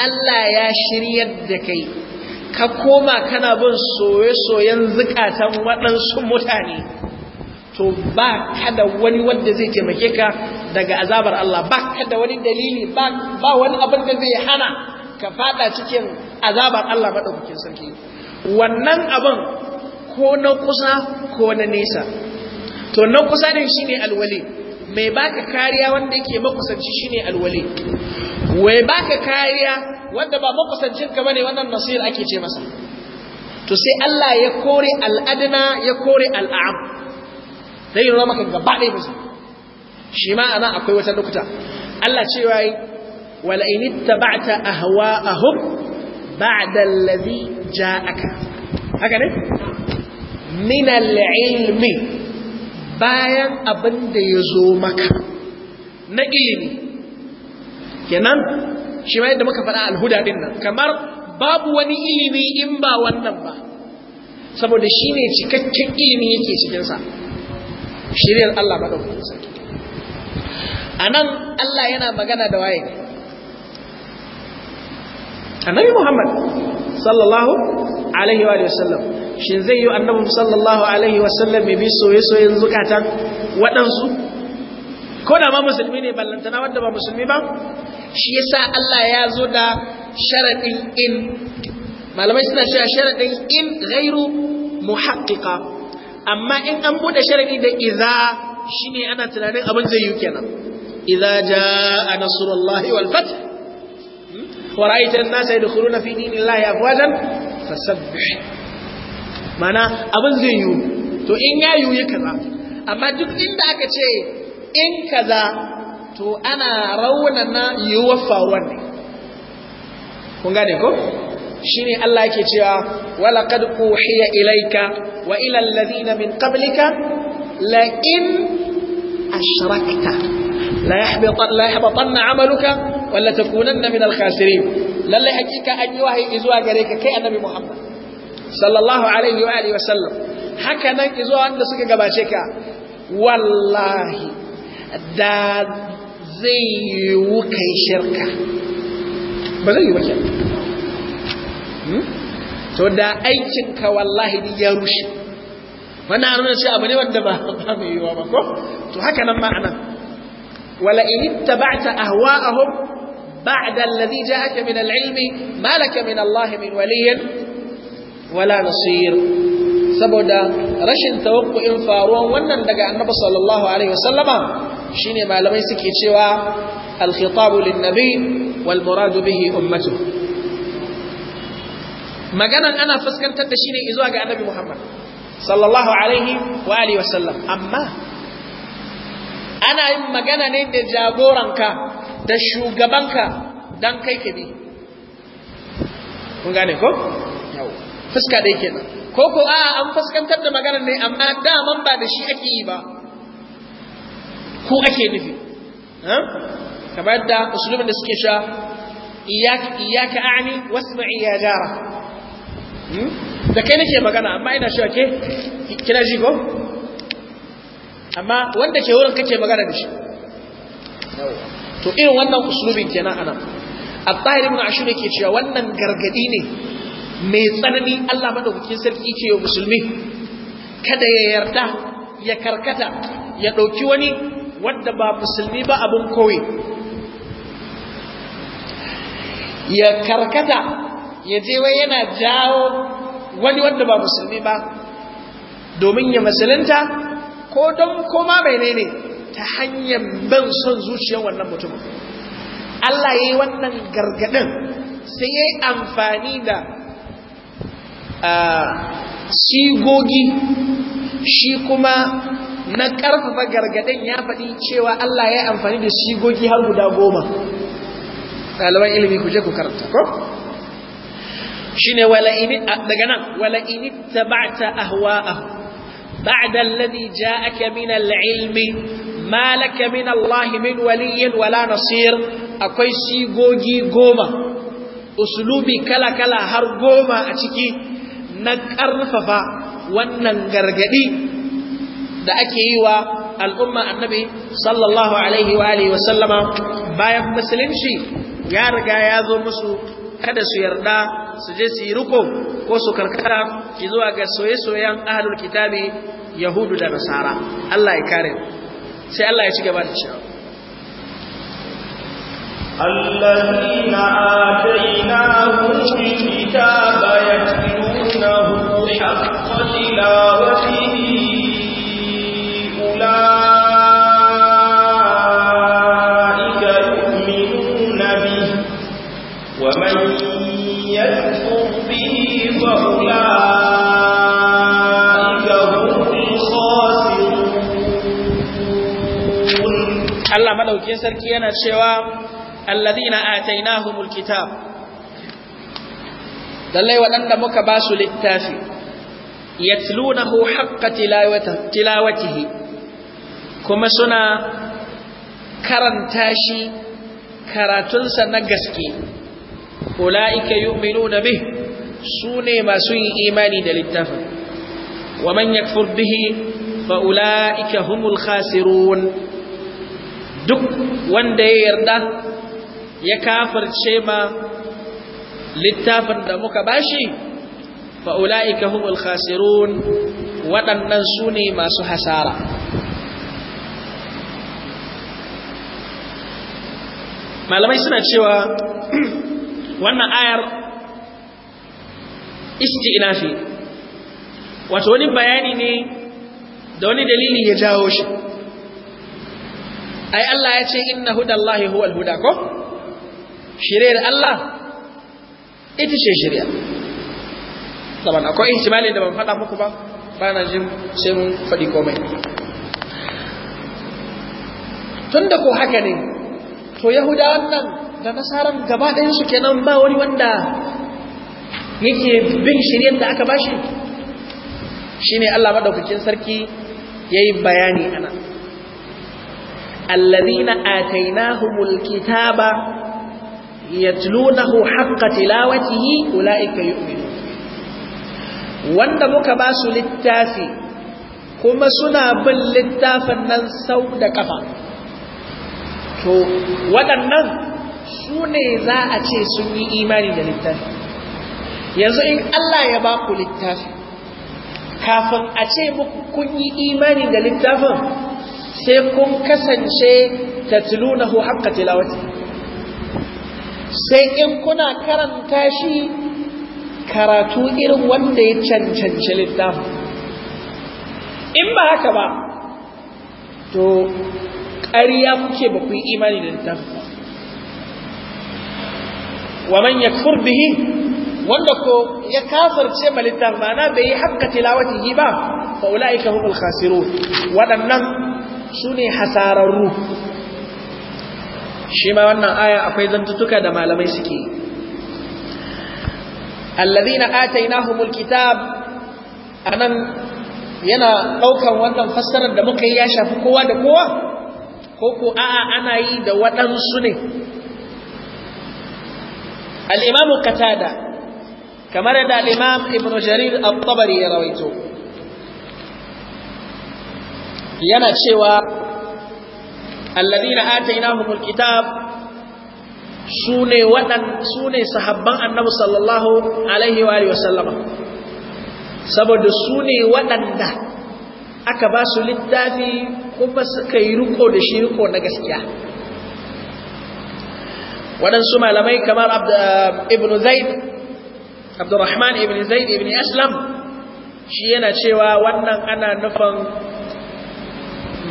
Allah ya shiryar da kai ka koma kana bin soye-soyen zukatan waɗansu mutane to ba kada wani wanda zai taimake ka daga azabar Allah ba kada wani dalili ba wani abin da zai hana ka fada cikin azabar Allah maɗaukakin sarki wannan abin ko na kusa ko na nesa to nan kusa din shine alwali mai baka kariya wanda yake makusanci shine alwali wai baka kariya wanda ba makusancin ka bane wannan nasir ake ce masa to sai Allah ya kore al'adna ya kore al'am dai yana maka gaba ɗaya musu shi ma ana akwai wata lokuta Allah cewa yi wala in ittaba'ta ahwa'ahum ba'da alladhi ja'aka haka ne min al-ilmi bayan abin da ya zo maka na ilimi kenan shi ma yadda muka faɗa alhuda ɗin nan kamar babu wani ilimi in ba wannan ba saboda shi ne cikakken ilimi yake cikinsa shiriyar Allah maɗaukakin sarki a nan Allah yana magana da waye annabi Muhammad sallallahu alaihi wa sallam shin zai yi annabi sallallahu alaihi wa sallam bi soyayyen zukatan waɗansu ko da ma musulmi ne ballantana wanda ba musulmi ba shi yasa Allah ya zo da sharadin in malamai suna cewa sharadin in ghairu muhaqqiqa amma in an bude sharadi da idza shine ana tunanin abin zai yi kenan idza jaa nasrullahi wal fath ورأيت الناس يدخلون في دين الله أفواجا فسبح mana abin zai yiwu to in ya yiwu ya kaza amma duk inda aka ce in kaza to ana raunana yiwuwar faruwar ne kun gane ko shine Allah yake cewa wala qad uhiya ilaika wa ila alladhina min qablika la in ashrakta la yahbata la yahbatanna amaluka walla takunanna min al-khasirin lalle hakika an yi wahayi zuwa gare ka kai annabi Muhammad sallallahu alaihi wa alihi wasallam haka nan zuwa wanda suka gabace ka wallahi da zai yiwu kai shirka ba zai yi ba hmm? to da ka wallahi duk ya rushe wannan an nuna cewa abu ne wanda ba ba mai yiwa ba ko to haka nan ma'ana wala in ittaba'ta ahwa'ahum بعد الذي جاءك من العلم ما لك من الله من ولي ولا نصير saboda rashin tawakkuin faruwan wannan daga annabi sallallahu alaihi wasallama shine malamai suke cewa al-khitabu lin-nabi wal muradu bihi ummatu maganan ana fuskantar da shine zuwa ga annabi Muhammad sallallahu alaihi wa alihi wasallam amma ana yin magana ne da jagoranka da shugabanka dan kai ka bi kun gane ko fuska yake kenan ko ko a an fuskantar da maganar ne amma daman ba da shi ake yi ba ko ake nufi kamar da usulubin da suke sha iyaka a'ani wasma'i ya jara hmm? da kai nake magana amma ina shi ake kina ji ko amma wanda ke wurin kake magana da shi to irin wannan usulubin kenan A at-tahir ibn ashur ke cewa wannan gargadi ne mai tsanani Allah madaukakin sarki ke yi musulmi kada ya yarda ya karkata ya dauki wani wanda ba musulmi ba abun koyi ya karkata ya je wai yana jawo wani wanda ba musulmi ba domin ya musulunta ko don koma bai ne ta hanyar ban son zuciyar wannan mutumin Allah ya yi wannan gargaɗin sai ya yi amfani da sigogi shi kuma na ƙarfafa gargaɗin ya faɗi cewa Allah ya yi amfani da sigogi har guda goma ɗaliban ilimi ku je ku karanta ko wala ini daga nan wala ini ahuwa ahwa'ahu بعد الذي جاءك من العلم ما mina من الله من ولي ولا نصير akwai sigogi goma uslubi kala-kala har goma a ciki na ƙarfafa wannan gargaɗi da ake yi wa al'umma annabi sallallahu alaihi wa sallama bayan musulunci ya riga ya zo musu kada su yarda su je su yi riko ko su karkata zuwa ga soye-soyen ahlul kitabi yahudu da nasara Allah ya kare sai Allah ya ci gaba da cewa الذين آتيناهم الكتاب يتلونه حق تلاوته madaukin sarki yana cewa alladhina atainahumul kitab lallai waɗanda muka ba su littafi yatlunahu haqqa tilawatihi kuma suna karanta shi karatunsa na gaske ula'ika yu'minuna bih sune masu yin imani da littafin wa man yakfur bihi fa ula'ika humul khasirun duk wanda ya yarda ya kafarce ma littafin da muka bashi fa'ula'ika humul khasirun waɗannan su ne masu hasara malamai suna cewa [clears throat] wannan ayar isti'nafi wato wani bayani ne da wani dalili ya jawo shi ai Allah ya ce inna hudallahi huwal huda ko da Allah ita ce shiriya saban akwai ihtimalin da ban faɗa muku ba ba na jin sai mun faɗi komai tunda ko haka ne to yahudawan nan da nasaran gaba ɗayan su kenan ba wani wanda yake bin shiriyar da aka bashi shine Allah madaukakin sarki yayi bayani ana alladhina atainahumul kitaba yatlunahu haqqa tilawatihi ulaika yu'minun wanda muka ba su littafi kuma suna bin littafin nan sau da kafa to waɗannan su ne za a ce sun yi imani da littafi yanzu in Allah ya ba ku littafi kafin a ce muku kun yi imani da littafin sai kun kasance ta tatlunahu haka tilawati sai in kuna karanta shi karatu irin wanda ya cancanci littafin in ba haka ba to ƙarya kuke ba yi imani da littafin wa man yakfur bihi wanda ko ya kafirce ma littafin bai yi haka tilawatihi ba fa ulaika hukul khasirun waɗannan su ne hasararru shi ma wannan aya akwai zantutuka da malamai suke allazina atainahumul kitab anan yana daukan wannan fassarar da muka yi ya shafi kowa da kowa ko ko a'a ana yi da waɗansu ne al-imamu qatada kamar yadda al-imam ibnu jarir at-tabari ya rawaito yana cewa alladhina atainahumul kitab sune wadan sune sahabban annabi sallallahu alaihi wa alihi wasallama saboda sune wadanda aka ba su littafi kuma suka yi riko da shi riko na gaskiya waɗansu malamai kamar ibn zaid abdurrahman ibn zaid ibn aslam shi yana cewa wannan ana nufin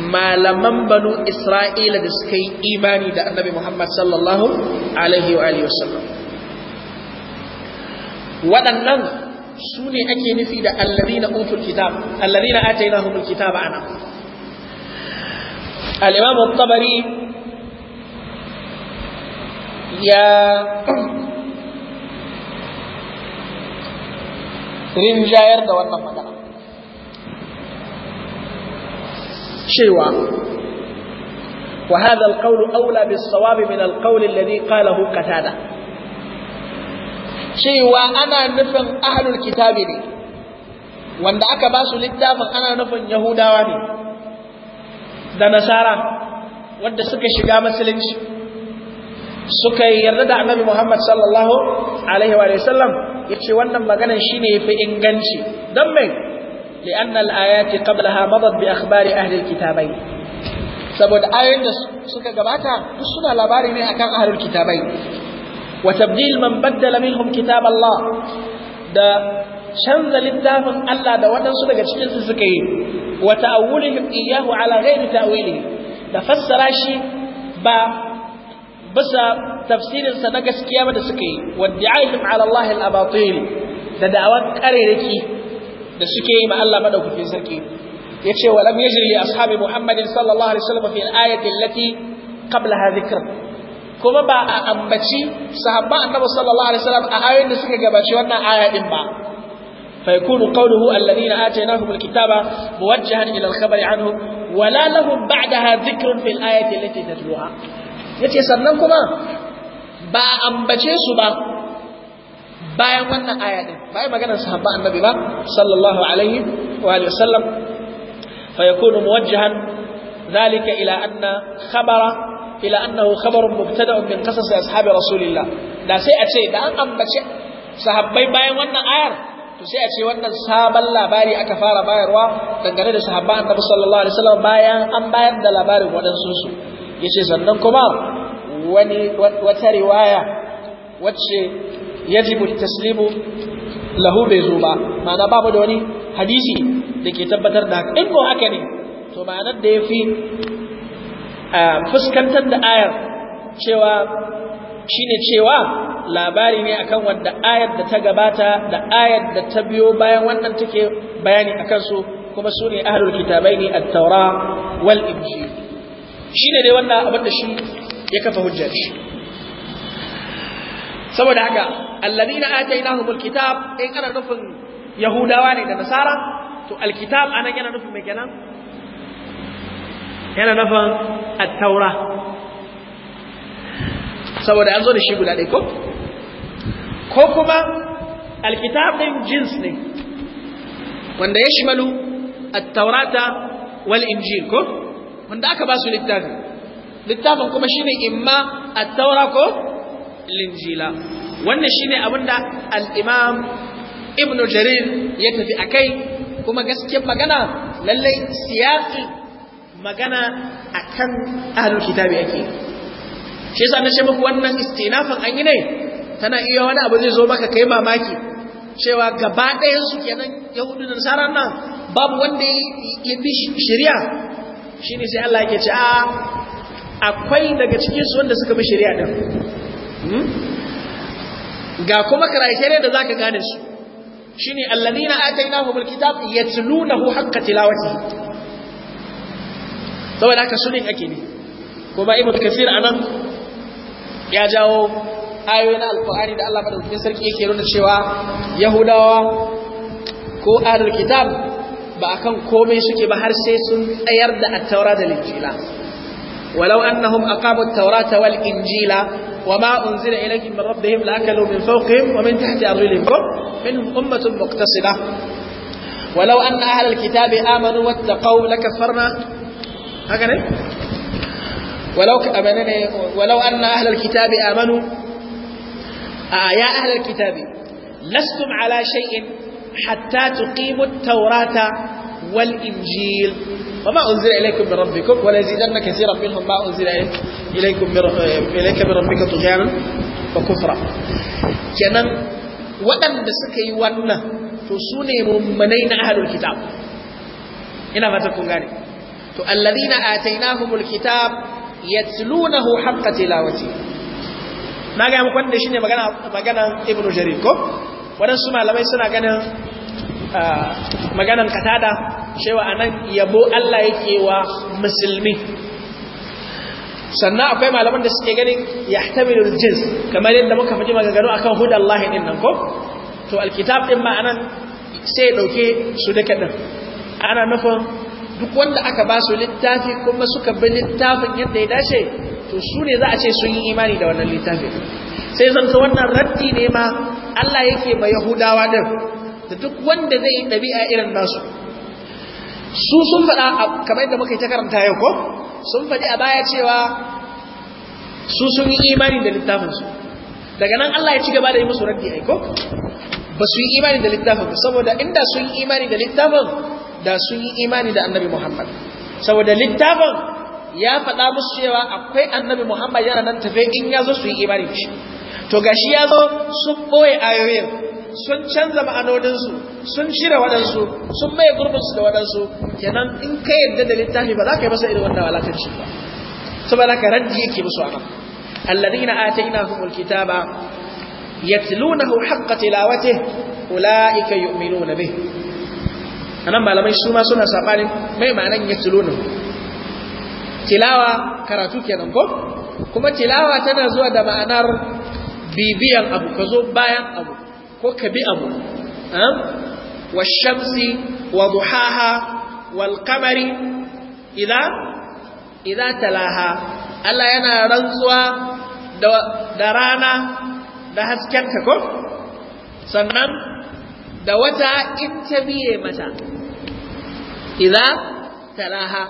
malaman banu isra'ila da suka yi imani da annabi muhammad sallallahu alaihi wa alihi wasallam waɗannan su ne ake nufi da allazina utul kitab allazina atainahumul kitaba ana al-imam at-tabari ya rinjayar da wannan magana cewa wa hadha alqawlu aula bis-sawab min alqawli alladhi qalahu qatada cewa ana nufin ahlul kitabi ne wanda aka ba su littafin ana nufin yahudawa ne da nasara wanda suka shiga musulunci suka yarda da annabi Muhammad sallallahu alaihi wa sallam yace wannan maganan shine yafi inganci don mai لأن الآيات قبلها مضت بأخبار أهل kitabai saboda ayoyin da suka gabata duk suna labari ne akan ahlul kitabai wa tabdil man baddala minhum kitab Allah da canza littafin Allah da waɗansu daga cikin su suka yi wa ta'awulihim iyyahu ala ghairi ta'wili da fassara shi ba bisa tafsirin sa na gaskiya ba da suka yi wa di'ayhim ala Allah da da'awar karereki da suke yi ma Allah madaukakin sarki yace wa lam yajri li ashabi muhammadin sallallahu alaihi wasallam fi al-ayati allati qablaha dhikr kuma ba a ambaci sahabba annabi sallallahu alaihi wasallam a ayoyin da suka gabace wannan aya din ba fa yakunu qawluhu alladhina atainahum al-kitaba muwajjahan ila al-khabari anhu wala lahum ba'daha dhikrun fil ayati allati tatluha yace sannan kuma ba a ambace su ba bayan wannan aya din bayan maganar sahabba annabi ba sallallahu alaihi wa alihi wasallam fa yakunu muwajjahan dhalika ila anna khabara ila annahu khabarun mubtada'un min qasas ashabi rasulillah da sai a ce da an ambace sahabbai bayan wannan ayar to sai a ce wannan sabon labari aka fara bayarwa dangane da sahabba annabi sallallahu alaihi wasallam bayan an bayar da labarin waɗansu su yace sannan kuma wani wata riwaya wacce yajibu taslimu lahu bai zo ba ma'ana babu da wani hadisi da ke tabbatar da in ko haka ne to ma'anar da ya fi fuskantar da ayar cewa shine cewa labari ne akan wanda ayar da ta gabata da ayar da ta biyo bayan wannan take bayani akan su kuma su ne ahlul kitabai ne at-taura wal injil shine dai wannan abin da shi ya kafa hujjar shi saboda haka alladina atainahumul kitab in kana nufin yahudawa ne da nasara to alkitab anan yana nufin me kenan yana nufin at-taura saboda an zo da shi guda ɗaya ko ko kuma alkitab din jins ne wanda ya shimalu at-taurata wal injil ko wanda aka ba su littafin littafin kuma shine imma at-taura ko linjila wannan shine abin da al-imam ibn jarir ya tafi akai kuma gaskiyar magana lallai siyasi magana akan ahlul kitabi yake shi yasa na ce muku wannan istinafan an yi ne tana iya wani abu zai zo maka kai mamaki cewa gaba ɗayan su kenan yahudu da nasara nan babu wanda ya bi shari'a shine sai Allah yake ce a akwai daga cikin su wanda suka bi shari'a din hmm? ga kuma ne da zaka gane su shine alladhina atainahumul kitab yatlunahu haqqa tilawati saboda haka sunin ake ne kuma ibnu kafir anan ya jawo ayoyi na alqur'ani da Allah madaukakin sarki yake nuna cewa yahudawa ko ahlul kitab ba akan komai suke ba har sai sun tsayar da at-taura da injila ولو أنهم أقاموا التوراة والإنجيل وما أنزل إليهم من ربهم لأكلوا من فوقهم ومن تحت أرجلهم منهم أمة مقتصدة ولو أن أهل الكتاب آمنوا واتقوا لكفرنا هكذا ولو ولو أن أهل الكتاب آمنوا آه يا أهل الكتاب لستم على شيء حتى تقيموا التوراة والإنجيل وما أنزل إليكم من ربكم وليزيدن كثيرا منهم ما أنزل إليكم إليك من ربك طغيانا وكفرا kenan waɗanda suka yi wannan to su ne mummanai na ahalul kitab ina fatan kun gane to alladhina atainahumul na ga mu wanda shine magana magana ibnu jarir ko waɗansu malamai suna ganin maganan katada cewa nan yabo Allah yake wa musulmi sannan akwai malaman da suke ganin yahtamilu jins kamar yadda muka a kan akan Allah din nan ko to alkitab din ma anan sai dauke su da din ana nufin duk wanda aka ba su littafi kuma suka bi littafin yadda ya dace to su ne za a ce sun yi imani da wannan littafin sai zanta wannan raddi ne ma Allah yake ma Yahudawa din da duk wanda zai yi ɗabi'a irin nasu su sun faɗa kamar yadda muka yi ta karanta yau ko sun faɗi a baya cewa su sun yi imani da littafinsu daga nan Allah ya ci gaba da yi musu raddi aiko ba su yi imani da littafin saboda inda sun yi imani da littafin da sun yi imani da annabi Muhammad saboda littafin ya faɗa musu cewa akwai annabi Muhammad yana nan tafe in ya zo su yi imani shi to gashi ya zo sun ɓoye ayoyin sun canza ma'anodinsu, sun shirya waɗansu sun maye gurbinsu da waɗansu kenan in ka yadda da littafi ba za ka yi masa irin wannan walakanci ba saboda ka raddi yake musu anan alladina atainahumul kitaba yatlunahu haqqa tilawatih ulaika yu'minuna bih anan malamai su ma suna sabanin mai ma'anan yatlunahu tilawa karatu kenan ko kuma tilawa tana zuwa da ma'anar bibiyan abu ka zo bayan abu ko ka bi abu eh? wa shamsi wa muhaha wal qamari idan idza talaha Allah yana rantsuwa da rana da hasken ko sannan da wata in ta biye mata idza talaha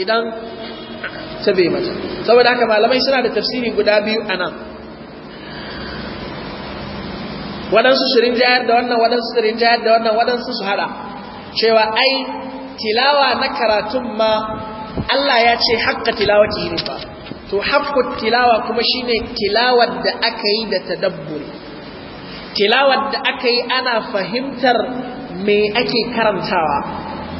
idan ta biye mata saboda haka malamai suna da tafsiri guda biyu anan waɗansu su rinjayar da wannan waɗansu su rinjayar da wannan waɗansu su haɗa cewa ai tilawa na karatun ma Allah ya ce haƙƙa tilawa ki ne ba to haƙƙun tilawa kuma shine tilawar da aka yi da tadabburi tilawar da aka yi ana fahimtar me ake karantawa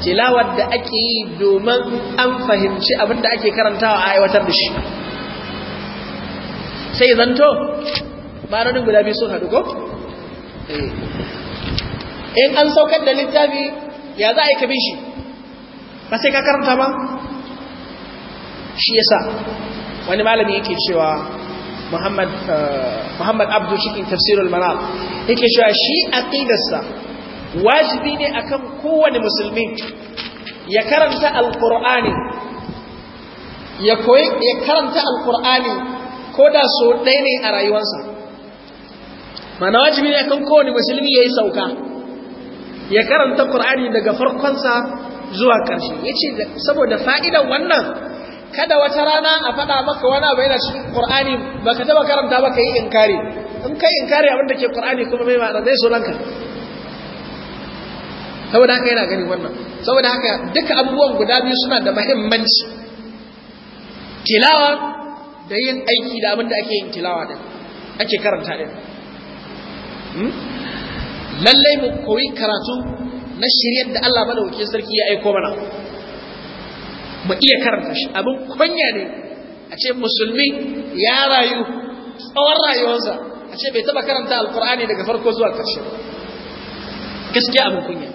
tilawar da ake yi domin an fahimci abin da ake karantawa a aiwatar da shi sai zanto ma'anonin guda biyu sun haɗu ko Eh. in an saukar da littafi ya za a yi kabin shi ba sai ka karanta ba shi yasa wani malami yake cewa muhammad eh, muhammad abdu cikin tafsirul manal yake cewa shi aqidarsa wajibi ne akan kowane musulmi ya karanta alqur'ani ya koyi ya karanta alqur'ani ko da so ɗaya ne a rayuwarsa mana wajibi ne kan kowane musulmi ya yi sauka ya karanta ƙur'ani daga farkonsa zuwa ƙarshe ya ce saboda fa'idan wannan kada wata rana a faɗa maka wani abu yana cikin ƙur'ani ba ka taɓa karanta ba ka yi inkari in ka yi inkari abin da ke ƙur'ani kuma mai ma'ana zai ranka saboda haka yana gani wannan saboda haka duka abubuwan guda biyu suna da mahimmanci tilawa da yin aiki da abin da ake yin tilawa din ake karanta din Hmm? lallai mu koyi karatu na shiryar da Allah madaukakin sarki ya aiko mana mu iya karanta shi abin kunya ne a ce musulmi ya rayu tsawon rayuwarsa a ce bai taba karanta alkur'ani daga farko zuwa ƙarshe gaskiya abin kunya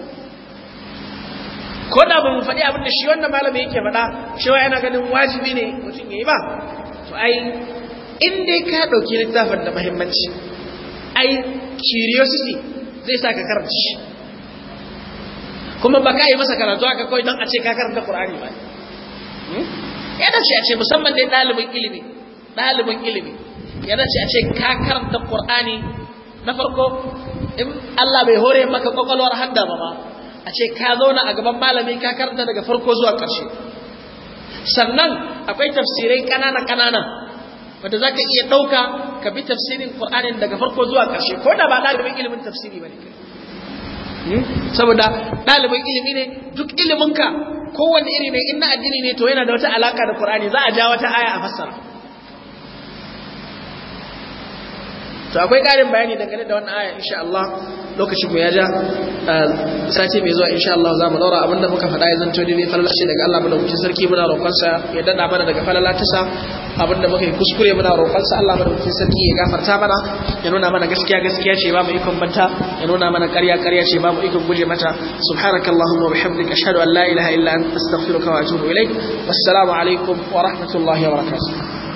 ko da ba mu faɗi abin da shi wannan malamai yake faɗa cewa yana ganin wajibi ne mutum ya yi ba to ai in dai ka ɗauki littafin da muhimmanci ai curiosity zai sa ka karanta shi kuma ba ka yi masa karatu aka kawai don a ce ka karanta Qur'ani ba hmm? ya dace a ce musamman dai ɗalibin ilimi ɗalibin ilimi ya dace a ce ka karanta Qur'ani na farko in Allah bai hore maka kwakwalwar hadda ba ma a ce ka zauna a gaban malami ka karanta daga farko zuwa ƙarshe sannan akwai tafsirai ƙanana ƙanana wanda za ka iya ɗauka ka bi tafsirin ƙur'anin daga farko zuwa ƙarshe ko da ba ɗalibin ilimin tafsiri ba ne hmm? saboda ɗalibin ilimi ne duk iliminka kowane iri ne in na addini ne to yana da wata alaka da ƙur'ani za a ja wata aya a fassara to akwai ƙarin bayani dangane da wannan aya insha Allah lokacin mu ya ja eh, sace mai zuwa insha Allah za mu daura abinda muka faɗa ya zanto ne falala shi daga Allah madaukakin sarki muna roƙon sa ya dada mana daga falala tasa abinda muka yi kuskure muna roƙon sa Allah madaukakin sarki ya gafarta mana ya nuna mana gaskiya gaskiya ce ba mu ikon banta ya nuna mana ƙarya ƙarya ce ba mu ikon guje mata subhanakallahumma wa bihamdika ashhadu an la ilaha illa anta astaghfiruka wa atubu ilaik wassalamu alaikum wa rahmatullahi wa barakatuh